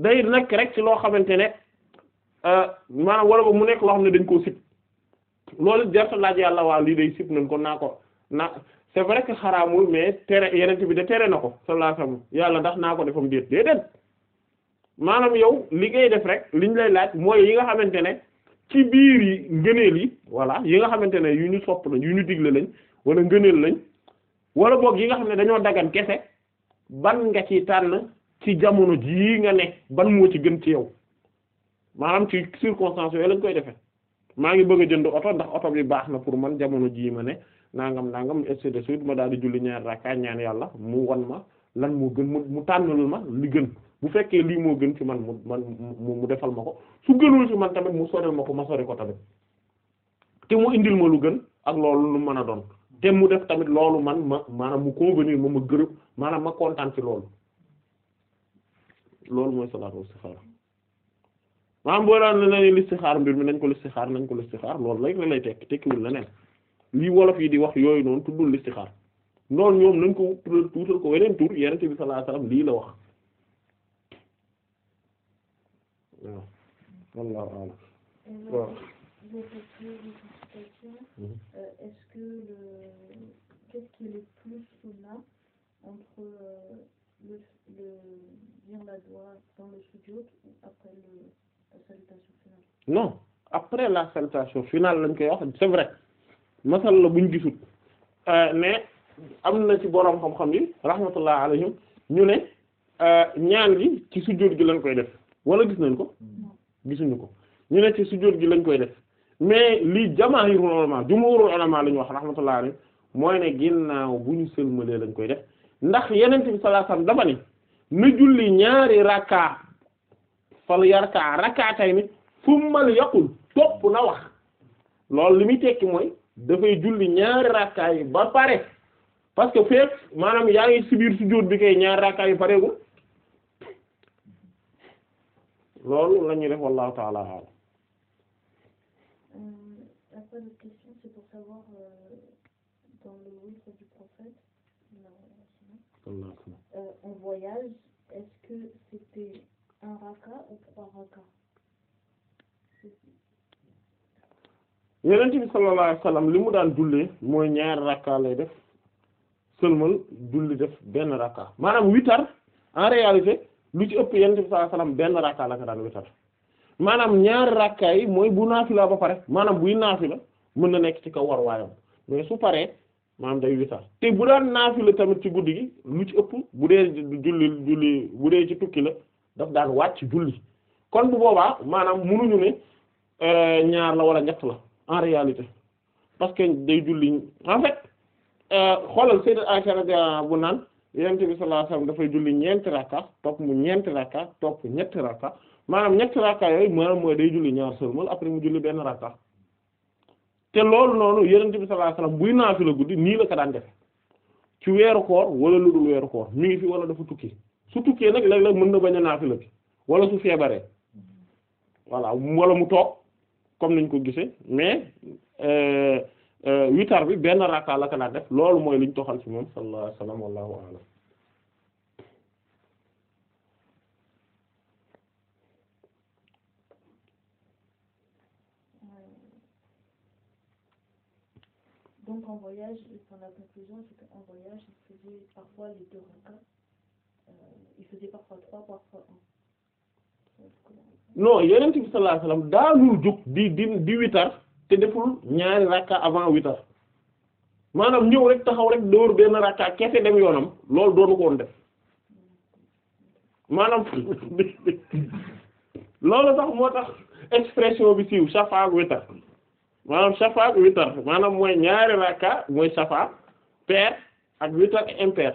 day nekk rek ci loo xamante ne Euh, maanaam wala ba mu nekk loo xam ne dañ koo sib loolu jarta laaj yàlla waa lii day sib nañ ko naa ko naa c'est vrai que xaraamul mais tere yeneen bi de tere na ko sallallahu alayhi yàlla ndax naa ko defam déet déedéet maanaam yow li ngay def rek liñ lay laaj mooy yi nga xamante ne ci biir yi ngëneel yi voilà yi nga xamante ne yu ñu sopp lañ yu ñu digle lañ wala ngëneel lañ wala boog yi nga xam ne dañoo daggan kese ban nga ci tànn ci jamono ji nga ne ban moo ci gën ci yow maanaam ci circonstances yooyu lañ koy defee maa ngi bëgg a jënd oto ndax oto bi baax na pour man jamono jii ma ne nangam nangam et si suite ma daal di julli ñaar rakka ñaan yàlla mu wan ma lan moo gën mu mu tànnal ma li gën bu fekkee lii moo gën ci man mu man mu defal ma ko su gënul ci man tamit mu sorel ma ko ma sore ko tamit te mu indil ma lu gën ak loolu lu mën a doon te mu def tamit loolu man ma maanaam mu convenir ma ma gërëm maanaam ma kontaan ci loolu loolu mooy salaatu maanaam boo daan ne listixaar mbir mi nañ ko listixaar nañ ko listixaar loolu lay lay tekki tekkiwul leneen lii wolof yi di wax yooyu noonu tuddul listixaar noonu ñoom nañ ko tuutal ko weneen tur yonent bi sallallahu lii la wax non après la salutation finale lañ koy wax c'est vrai masal la buñ gisut euh, mais am na ci boroom xam-xam yi rahmatullah alayhim ñu ne euh, ñaan gi ci sujjóot gi lañ koy def wala gis nañ ko gisuñu ko ñu ne ci sujjóot gi lañ koy def mais lii jamaahirul ulama jumhurul ulama la ñu wax rahmatullah alayhim mooy ne ginnaaw bu ñu sëlmalee lañ koy def ndax yeneen bi sallallahu ni na julli ñaari rakka fal yarkaa rakaatay ni summa li yaqul topp na wax loolu li muy tekki mooy dafay julli ñaari rakkaa yi ba pare parce que fépp maanaam yaa ngi ci biir sujjóot bi kay ñaari rakkaa yi pareegul loolu la ñuy def wallahu ta'ala un raka ou trois li mu daan jullee mooy ñaari rakka lay def sëlmal julli def benn rakka maanaam witar en lu ci ëpp Yonent bi sallallahu benn rakka la ko daan witar maanaam ñaari rakka yi mooy bu naafila ba pare maanaam buy la mën na nekk ci kaw war waayam mais su paree maanaam day witar te bu daan naafila tamit ci guddi gi lu ci ëpp bu dee julli julli bu dee ci tukki la daf daan wàcc julli kon bu boobaa maanaam munuñu ne euh, ñaar la wala ñett la en réalité parce que day julli en fait euh, xoolal sayyidat Aisha radiyallahu bu naan yonent bi sallallahu alayhi wasallam dafay julli ñeenti rakka topp mu ñeenti rakka topp ñetti rakka maanaam ñetti rakka yooyu maanaam mooy day julli ñaar sërmal après mu julli benn rakka te loolu noonu yonent bi sallallahu alayhi wasallam buy naafila guddi nii la ko daan defe ci weeru koor wala lu dul weeru koor mi ngi fi wala dafa tukki su tukkee nag léeg-léeg mën na bañ a naafila bi wala su feebaree voilà wala mu toog comme niñ ko gisee mais witar euh, euh, bi benn rakka la naa def loolu mooy liñ toxal ci moom sallallahu alayhi wa Euh, il faisait parfois trois parfois un. non yeneen bi di di di witar te deful ñaari rakka avant witar maanaam ñëw rek taxaw rek dóor benn rakka kese dem yoonam lool doonu ko woon def maanaam loolu sax moo tax expression bi siiw safa ak witar maanaam safa ak witar maanaam mooy ñaari rakka mooy safa pair ak witar impair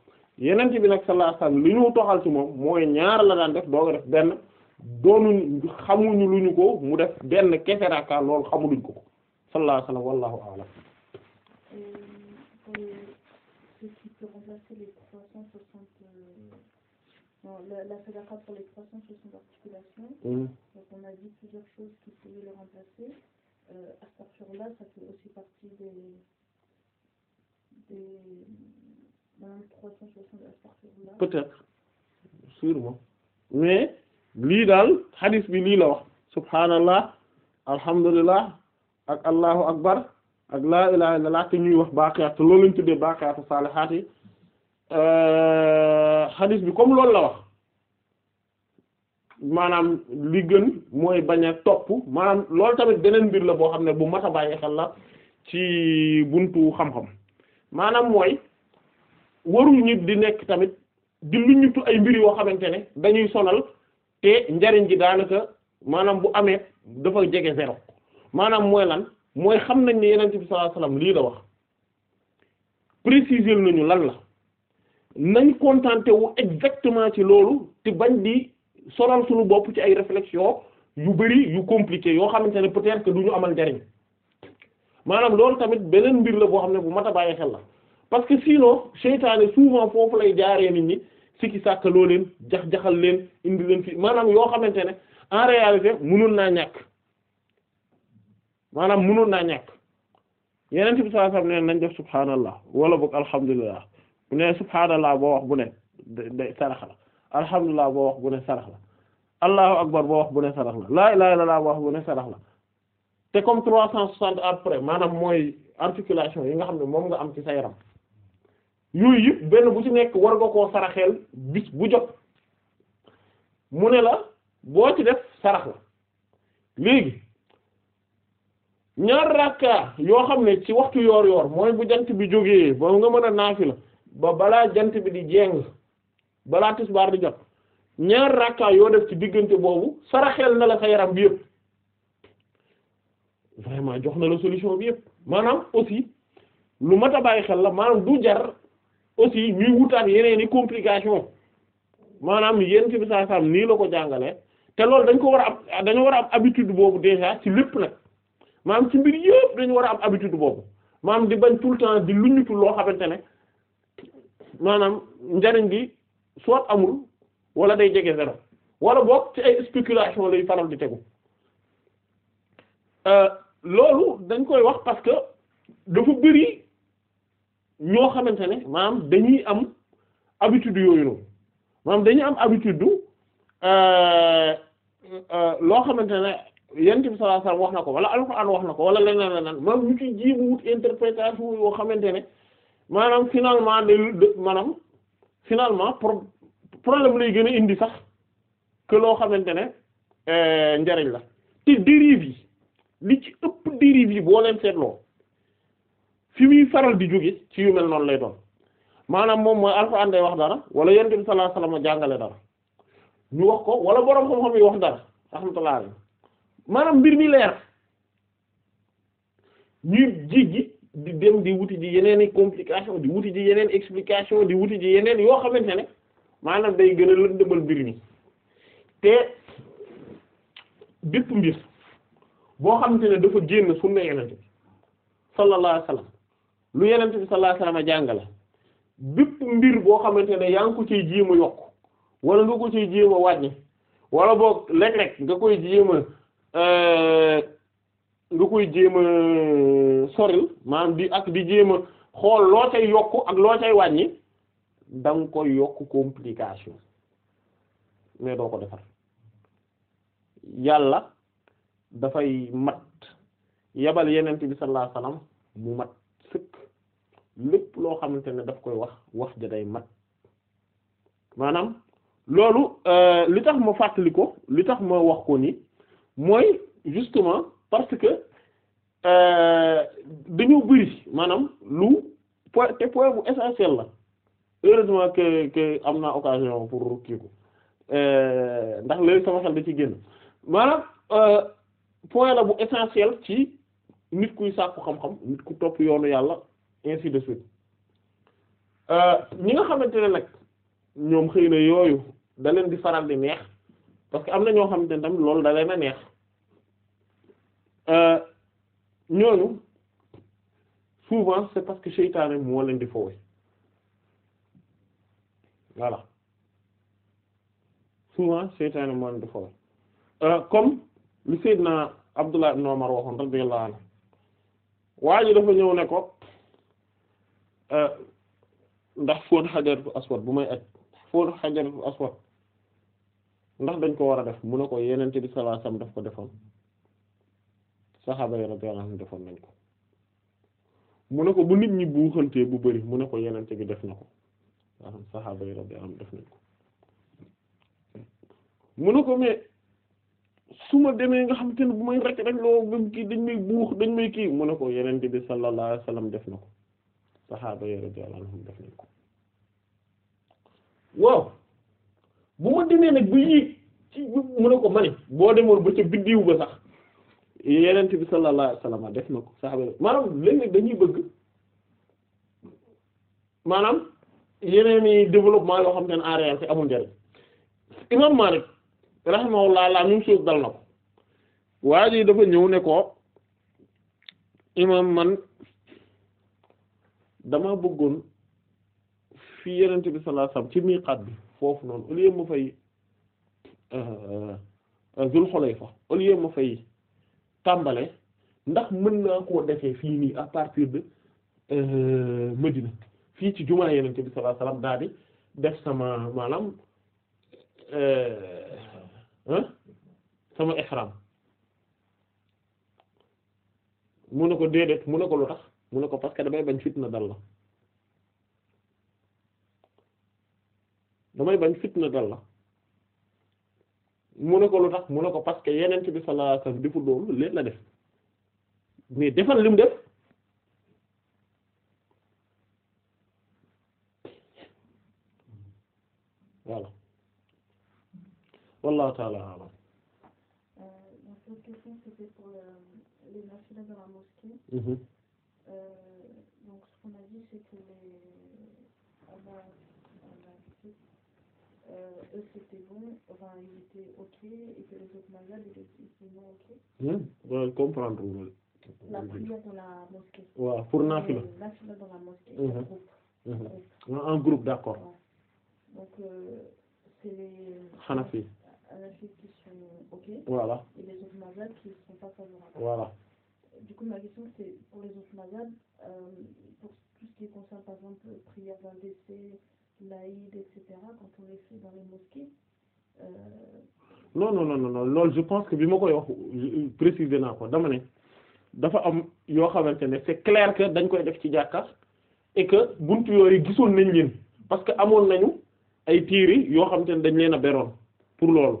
yeneen ci bi nag sallallahu alayhi wasallam li ñu toxal ci moom mooy ñaar la daan def dooga def benn doonuñ xamuñu lu ñu ko mu def benn kese raka loolu xamuluñ ko ko sallallahu alayhi wasallam wallahu a'lam Bon, la, la sadaqa pour les 360 articulations. Mmh. Donc on a dit plusieurs choses qui pouvaient le remplacer. Euh, astaghfirullah, ça fait aussi partie des des peut-être sûrement mais lii daal hadith bi lii la wax subhaanallah alhamdulillah ak allahu akbar ak laa ilaha illallah te ñuy wax baaqiyaat te loolu lañ tuddee baaqiyaatu saalihaat yi euh, bi comme loolu la wax maanaam li gën mooy bañ a topp maanaam loolu tamit beneen mbir la boo xam ne bu mat a bàyyi xel la ci buntu xam-xam maanaam mooy warul nit di nekk tamit di lu ñutu ay mbir yoo xamante ne dañuy solal te njariñ gi daanaka maanaam bu amee dafa jege zéro maanaam mooy lan mooy xam nañ ne yenente bi sallallahu alayhi lii la wax préciser nañu lan la nañ contenté wu exactement ci loolu te bañ di solal suñu bopp ci ay réflexion yu bëri yu compliqué yoo xamante ne peut-être que du ñu amal njariñ maanaam loolu tamit beneen mbir la boo xam ne bu mat a bàyyi xel la parce que sinon seytaane souvent foofu lay jaaree nit ñi sikki sàkkaloo leen jax-jaxal leen indi leen fi maanaam yoo xamante ne en réalité mënoon naa ñàkk maanaam mënoon naa ñàkk yeneen bi saa sam ne nañ def subhaanallah wala boog alhamdulillah bu ne subhaanallah boo wax bu ne day sarax la alhamdulillah boo wax bu ne sarax la allahu akbar boo wax bu ne sarax la laa ilaaha illallah ne sarax la te comme trois cent soixante après maanaam mooy articulation yi nga xam ne moom nga am ci sa yaram yooyu yëpp benn bu ci nekk war nga koo saraxeel bis bu jot mu ne la boo ci def sarax la léegi ñaar rakka yoo xam ne ci waxtu yoor yoor mooy bu jant bi jógee ba nga mën a naafi la ba balaa jant bi di jeng balaa tisbaar di jot ñaar rakka yoo def ci diggante boobu saraxeel na la sa yaram bi yëpp vraiment jox na la solution bi yëpp maanaam aussi lu mat a bàyyi xel la maanaam du jar aussi ñuy wutaat yeneen i complication maanaam yéen ci bi saa saam la ko jàngalee te loolu dañ ko war a am dañu war am habitude boobu déjà ci lépp nag maanaam ci mbir yëpp dañu war a am habitude boobu maanaam di bañ tout le temps di luñutu loo xamante ne maanaam njariñ bi soit amul wala day jege wala boog ci ay spéculation lay di tegu euh, loolu dañ koy wax parce que dafa bari ñoo xamante ne maanaam dañuy am habitude yooyu noonu maanaam dañuy am habitude du euh, euh, loo xamante ne yonent bi sallallahu alayhi wasallam wax na ko wala alxuraan wax na ko wala leneen leneen maanaam ñu ci jiibu wut interprétation yoo xamante ne maanaam finalement de maanaam finalement problème lay gën a indi sax que loo xamante ne euh, njariñ la te dérive yi li ci ëpp dérive boo leen seetloo fi muy faral di jóge ci yu mel noonu lay doon maanaam moom mooy alxuraan day wax dara wala yonent bi sallallahu alayhi wasallam jàngale dara ñu wax ko wala boroom xam-xam yi wax dara rahmatullah alayhi maanaam mbir mi leer ñuy jéggi di dem di wuti ji yeneen complication di wuti ji yeneen explication di wuti ji yeneen yoo xamante ne maanaam day gën a lëndëmal mbir mi te bépp mbir boo xamante ne dafa génn sunna yonent bi sallallahu lu yenente bi sallallahu alayhi jàngale bépp mbir boo xamante ne yaa ngi ko ciy jéem a yokk wala nga ko ciy jéem wàññi wala boog léeg-léeg nga koy jéema a euh, nga koy jéem a soril maanaam di ak di jéem a xool loo cay yokk ak loo cay wàññi da nga koy yokk complication mais doo ko defar yàlla dafay mat yebal yenent bi sallallahu alayhi mu mat lépp loo xamante ne daf koy wax wax ja day mat maanaam loolu euh, li tax ma fàttali ko li tax ma wax ko ni mooy justement parce que euh, dañoo bëri maanaam lu point te point bu essentiel la heureusement que que am naa occasion pour kii ko euh, ndax léegi sama xel da ci génn maanaam point la bu essentiel ci nit kuy sàkku xam-xam nit ku topp yoonu yàlla ainsi euh, ñi nga xamante ne nag ñoom xëy na yooyu da leen di faral di neex parce que am na ñoo xamante ne tamit loolu da leen a neex euh, ñooñu souvent c'est parce que seytaane moo leen di foowe voilà souvent seytaane moo leen di foowe euh, comme li Seydina Abdullah ibn Umar waxoon radiyallahu waa ji dafa ñëw ne ko Euh, ndax fóon xajarul aswad bu may aj fóon xajarul aswad ndax dañ ko war a def mu ne ko yeneen bi sallallahu alayhi wasallam ko defoon saxaaba yi radiyallahu anhum defoon nañ ko bu nit ñi buuxantee bu bëri mu ne ko yenente bi def na ko waaw saxaaba yi radiyallahu anhum ko mu demee nga xam te ne bu kii dañ may dañ may kii mu ne ko yenente bi sallallahu alayhi wasallam def na ko saxaaba yi radiyallahu anhum def nañ ko waaw bu ma demee nag bu yii mu ne ko ma ne boo demoon ba ca biddiw ba sax yenent bi sallallahu alayhi wasallam def ko saxaaba yi maanaam léeg-léeg dañuy bëgg maanaam yeneen i développement yoo xam te ne en réalité amul njariñ imam Malik rahimahullah la même dal na ko waa ji dafa ñëw ne ko imam man dama bëggoon fi yenente bi sallallahu ci miqaat bi foofu noonu au lieu ma fay euh, euh, Zul Xulayfa au lieu ma fay tàmbale ndax mën naa koo defee fii nii à partir de euh, Medina fii ci jumaa yenente bi sallallahu daal di def sama maanaam sama ihram mu ne ko déedéet mu ne ko lu tax mu ne ko parce que damay bañ fitna dal la damay bañ fitna dal la mu ne ko lu tax mu ne ko parce que yeneen bi sallallahu alayhi wasallam defu loolu la def mais defal lim def voilà wallahu ta'ala a'lam. Euh, Euh, donc ce qu'on a dit, c'est que les... On a, on a... Euh, eux c'était bon, enfin ils étaient ok, et que les autres malades ils étaient non ok. Hum, ouais, comprendre. La prière dans la mosquée. waaw ouais, pour nafila. Nafila dans la mosquée. Mm -hmm. groupe. Mm -hmm. hmm, hmm. Un groupe, d'accord. Ouais. Donc euh, c'est les. Hanafi. Hanafi qui sont ok. Voilà. Et les autres malades qui ne sont pas favorables. Voilà. du coup, ma question, lool pour les je pense que bi ma koy wax préciser naa ko dama ne dafa am yoo xamante ne c'est clair que dañ koy def ci jàkka et que buntu yooyu gisoon nañ leen parce que amoon nañu ay tiiri yoo xamante ne dañ leen a beroon pour loolu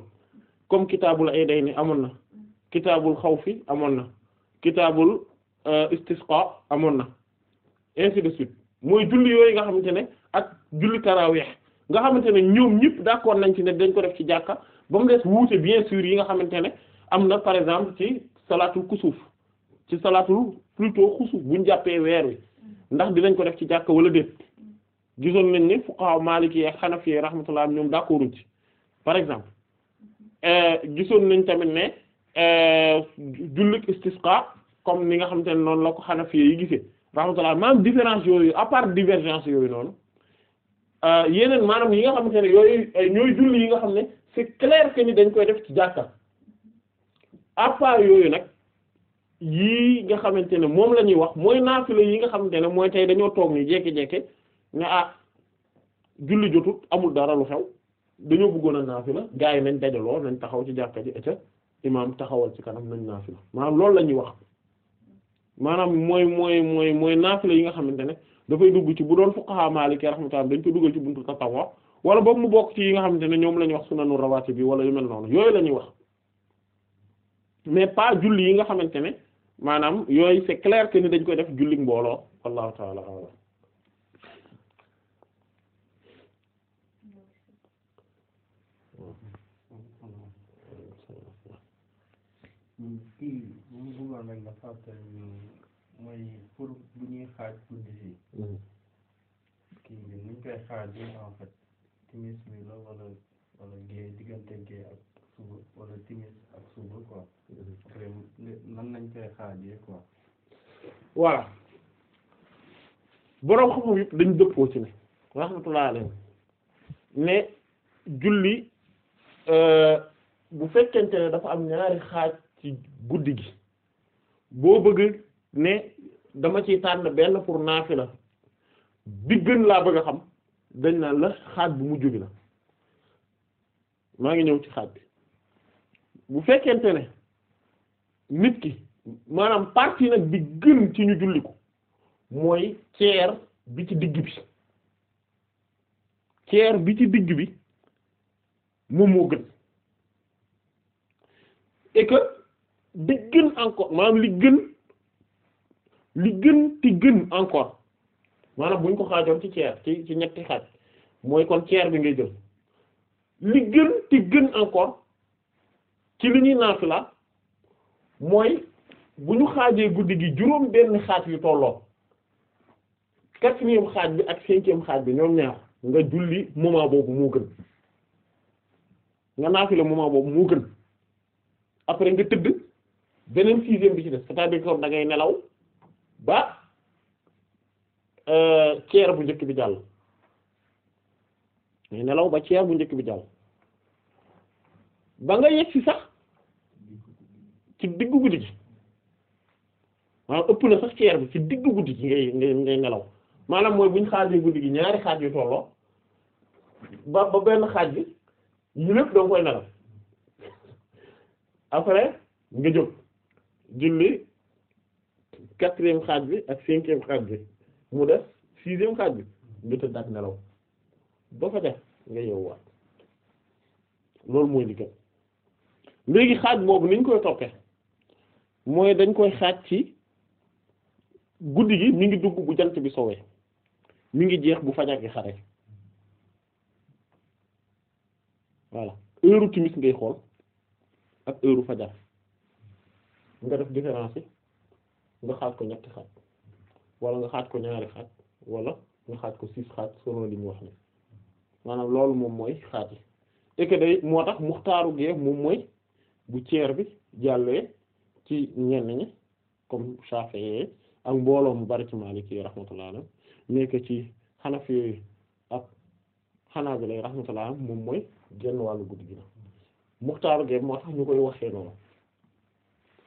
comme kitaabul ay day ni amoon na mm. kitaabul xaw fi amoon na. kitaabul euh, istisqa amoon na ainsi de suite mooy julli yooyu nga xamante ne ak julli tarawih nga xamante ne ñoom ñëpp d'accord nañ ci ne dañ ko def ci jàkka ba mu des wuute bien sûr yi nga xamante ne am na par exemple ci salaatul suuf ci salaatul plutôt kusuuf buñ jàppee weer wi ndax dinañ ko def ci jàkka wala déet gisoon nañ ni ne fuqaha maliki ak hanafi rahmatullah ñoom d'accorduñ ci par exemple euh, gisoon nañ tamit ne Euh, jullit istisqa comme ni nga xamante ne noonu la ko Hanafi yi gisee rahmatullah maanaam différence yooyu à part divergence yooyu noonu euh, yeneen maanaam yi nga xamante ne yooyu ñooy julli yi nga xam ne c'est clair que ni dañ koy def ci jàkka à part yooyu nag yii nga xamante ne moom la ñuy wax mooy naafila yi nga xamante ne mooy tey dañoo toog ni jékki-jékki nga ah julli jotut amul dara lu xew dañoo bëggoon a naafila gaa yi nañ dajaloo nañ taxaw ci jàkka ji et imaam taxawal ci kanam nañ naafila maanaam loolu la ñuy wax maanaam mooy mooy mooy mooy naafila yi nga xamante ne dafay dugg ci bu doon fuqaha maliki rahmatullah dañ ko dugal ci buntu tatawwu wala boog mu bokk ci yi nga xamante ne ñoom la ñuy wax sunanu rawaati bi wala yu mel noonu yooyu la ñuy wax mais pas julli yi nga xamante ne maanaam yooyu c'est clair que ni dañ koy def julli mbooloo wallahu ta'ala a'lam kii li mu bëggoon rek nga fàttali ñu mooy pour bu ñuy xaaj guddi si. kii bi nuñ koy xaajee en fait timis bi la wala wala gée diggante gée ak suba wala timis ak suba quoi. après nan koy xaajee quoi. voilà borom xam yëpp dañ dëppoo ci ne rahmatullah alayhi ne julli euh, bu fekkente ne dafa am ñaari xaaj. ci guddi gi boo bëgg ne dama ci tànn benn pour la bi gën laa bëgg a xam dañ naan la xaaj bu mu bi la maa ngi ñëw ci xaaj bi bu fekkente ne nit ki maanaam partie nag bi gën ci ñu julli ko mooy ceer bi ci digg bi ceer bi ci digg bi moom moo gën et di gën encore maanaam li gën li gën ti gën encore maanaam bu ñu ko xaajoon ci ceer ci ci ñetti xaaj mooy kon ceer bi ngay jël li gën ti gën encore ci li ñuy naafila mooy bu ñu xaajee guddi gi juróom benn xaaj yu tolloo quatrième xaaj bi ak cinquième xaaj bi ñoom ñaar nga julli moment boobu moo gën nga naafila moment boobu moo gën après nga tëdd beneen sixième bi ci des c'est-à-dire que nelaw ba ceer euh, bu njëkk bi jàll ngay nelaw ba ceer bu njëkk bi jàll ba nga yegg sax ci diggu guddi gi ëpp na sax ceer bi guddi gi ngay ngay ngay nelaw maanaam mooy buñ xaajee guddi gi ñaari xaaj yu tolloo ba ba benn xaaj bi ñu lépp danga koy nelaw après nga jóg julli quatrième xaaj bi ak cinquième xaaj bi mu def sixième xaaj bi nga tëdd ak nelaw ba fa nga yeewuwaat loolu mooy li léegi xaaj boobu niñ koy toppee mooy dañ koy xaaj ci guddi gi mi ngi dugg bu jant bi sowee mi ngi jeex bu fajar gi xare voilà heure timis ngay xool ak heure fajar nga def différence yi nga xaaj ko ñetti xaaj wala nga xaaj ko ñaari xaaj wala nga xaaj ko six xaaj li ñu wax ni maanaam loolu moom mooy xaaj yi et que day moo tax muxtaaru gee moom mooy bu ceer bi jàllee ci ñenn ñi comme Shafi'i ak mbooloo mu bari ci Maliki rahmatullah alayhi mais que ci Hanafi ak Hanabila rahmatullah moom mooy genn wàllu guddi gi la muxtaaru gee moo tax ñu koy waxee noonu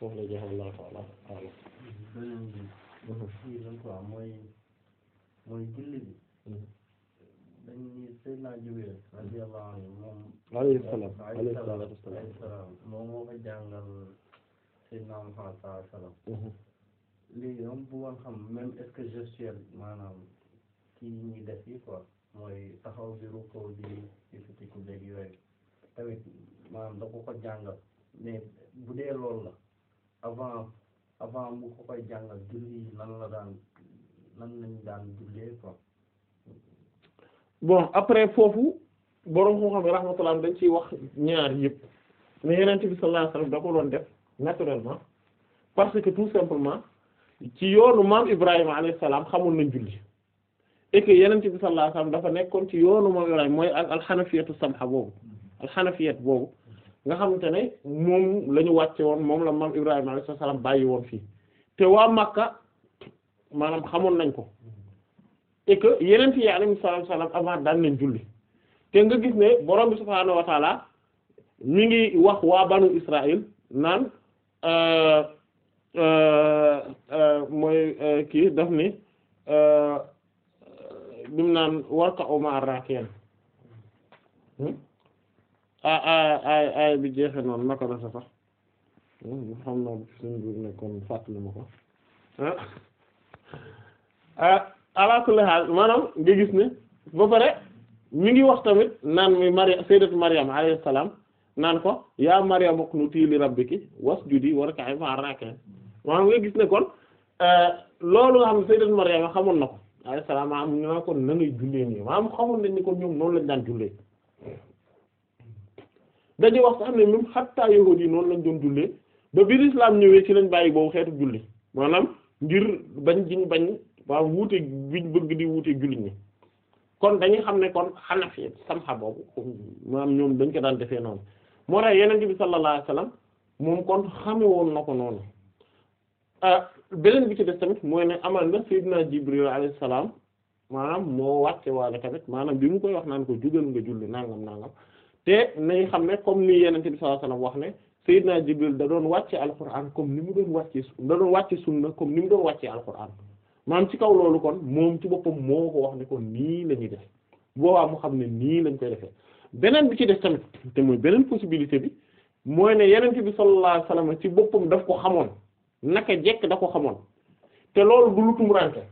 foofu la jeexal Allah taala alam beneen bi fii la mooy mooy julli bi dañ ni Seydina Jibril radiyallahu moom alayhi salaam alayhi salaatu wasalaam moom moo ko jàngal Seydina Muhammad sallallahu alayhi wasallam léegi dama bëggoon xam même est-ce que gestuelle maanaam kii ñuy def mooy taxaw bi rukkoo di yëkkati ku dégg yooyu tamit maanaam da ko ko jàngal mais loolu la avant avant mu ko koy jàngal julli lan la daan lan lañ daan jullee quoi bon après foofu borom moo xam ne rahmatullah dañ ciy wax ñaar yëpp mais Yonent bi sallallahu alayhi wasallam da ko que ci yoonu maam Ibrahima alayhi salaam xamoon nañ julli et que Yonent bi sallallahu dafa nekkoon ci yoonu maam Ibrahima mooy ak alxanafiyatu samha boobu mm-hmm. alxanafiyat boobu nga xamante ne moom la wàcce woon moom la maam Ibrahima alayhi salaam bàyyi woon fii te waa Makka maanaam xamoon nañ ko et que yeneen yi alayhi salaam avant daan nañ julli te nga gis ne borom bi subhaanahu mi ngi wax waa banu Israël naan euh, euh, euh, mooy kii daf ni bi mu naan warka uma arraken Ah, ah ah ah bi jeexee noonu naka la sax hmm, xam naa suñu biir ne ma ko ah. ah ala kulli haal wax tamit naan mi Maryam sayyidatu Maryam naan ko yaa Maryam uqnutii li rabbiki gis ne kon ah, xamoon na ko alayhi salaam maanaam ñu jullee nii maanaam xamoon nañ ni kon ñoom noonu lañ daan jullee. dañuy wax sax ne même xattaa yahuud yi noonu lañ doon jullee ba biir islam ñëwee ci lañ bàyyi boobu xeetu julli maanaam ngir bañ jiñ bañ waaw wuute biñ bëgg di wuute julli ñi kon dañuy xam ne kon xanafi samxa boobu maanaam ñoom dañ ko daan defee noonu moo tax yeneen bi sallallahu alayhi moom kon xame woon na ko noonu ah, beneen bi ci des tamit mooy ne amal na sayyidina naa alayhi salaam maanaam moo wàcce waale tamit maanaam bi mu koy wax naan ko jugal nga julli nangam nangam te nañu xam ne comme ni yenente bi sallallahu alayhi wax ne Seydina Jibril da doon wàcce alquran comme ni mu doon wàcce da doon wàcce sunna comme ni mu doon wàcce alquran maanaam ci kaw loolu kon moom ci boppam moo ko wax ne ko nii la ñuy def boobaa mu xam ne nii lañ koy defee beneen bi ci def tamit te mooy beneen possibilité bi mooy ne yenente bi sallallahu alayhi wasallam ci boppam daf ko xamoon naka jekk da ko xamoon te loolu du lu tumurante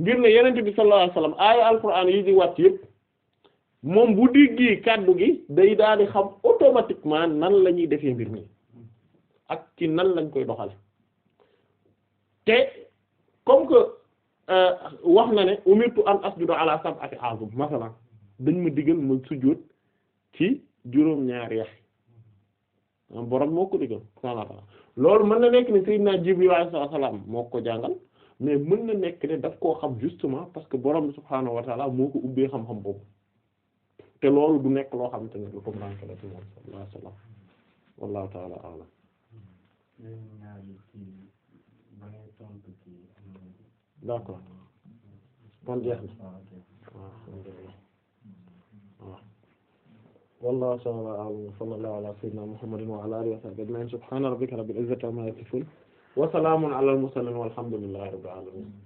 ngir ne yenente bi sallallahu alayhi wasallam aaya alquran yi di wàcc yépp moom bu déggee kàddu gi day daal di xam automatiquement nan la ñuy defee mbir mi ak ci nan lañ koy doxale te comme que euh, wax na ne umirtu an asjudu ala sab'ati azum masalan dañ ma digal ma sujjóot ci juróom-ñaari yax borom moo ko digal subhaanahu wa ta'aala loolu mën na nekk ne sayyidina Jibril alayhi salaam moo ko jàngal mais mën na nekk ne daf koo xam justement parce que borom subhaanahu wa ta'aala moo ko ubbee xam-xam boobu te loolu du nekk loo xamante ne lu ko branqué la ci moom sallallahu alayhi wa sallam wallahu ta'ala a'lam d'accord kon jeex na waaw alhamdulillah waaw wallahu ta'ala a'lam sallallahu ala sayyidina muhammadin wa ala alihi wa sahbihi ajma'in subhana rabbika rabbil izzati amma yasifun wa salamun ala al mursalin walhamdulillahi rabbil alamin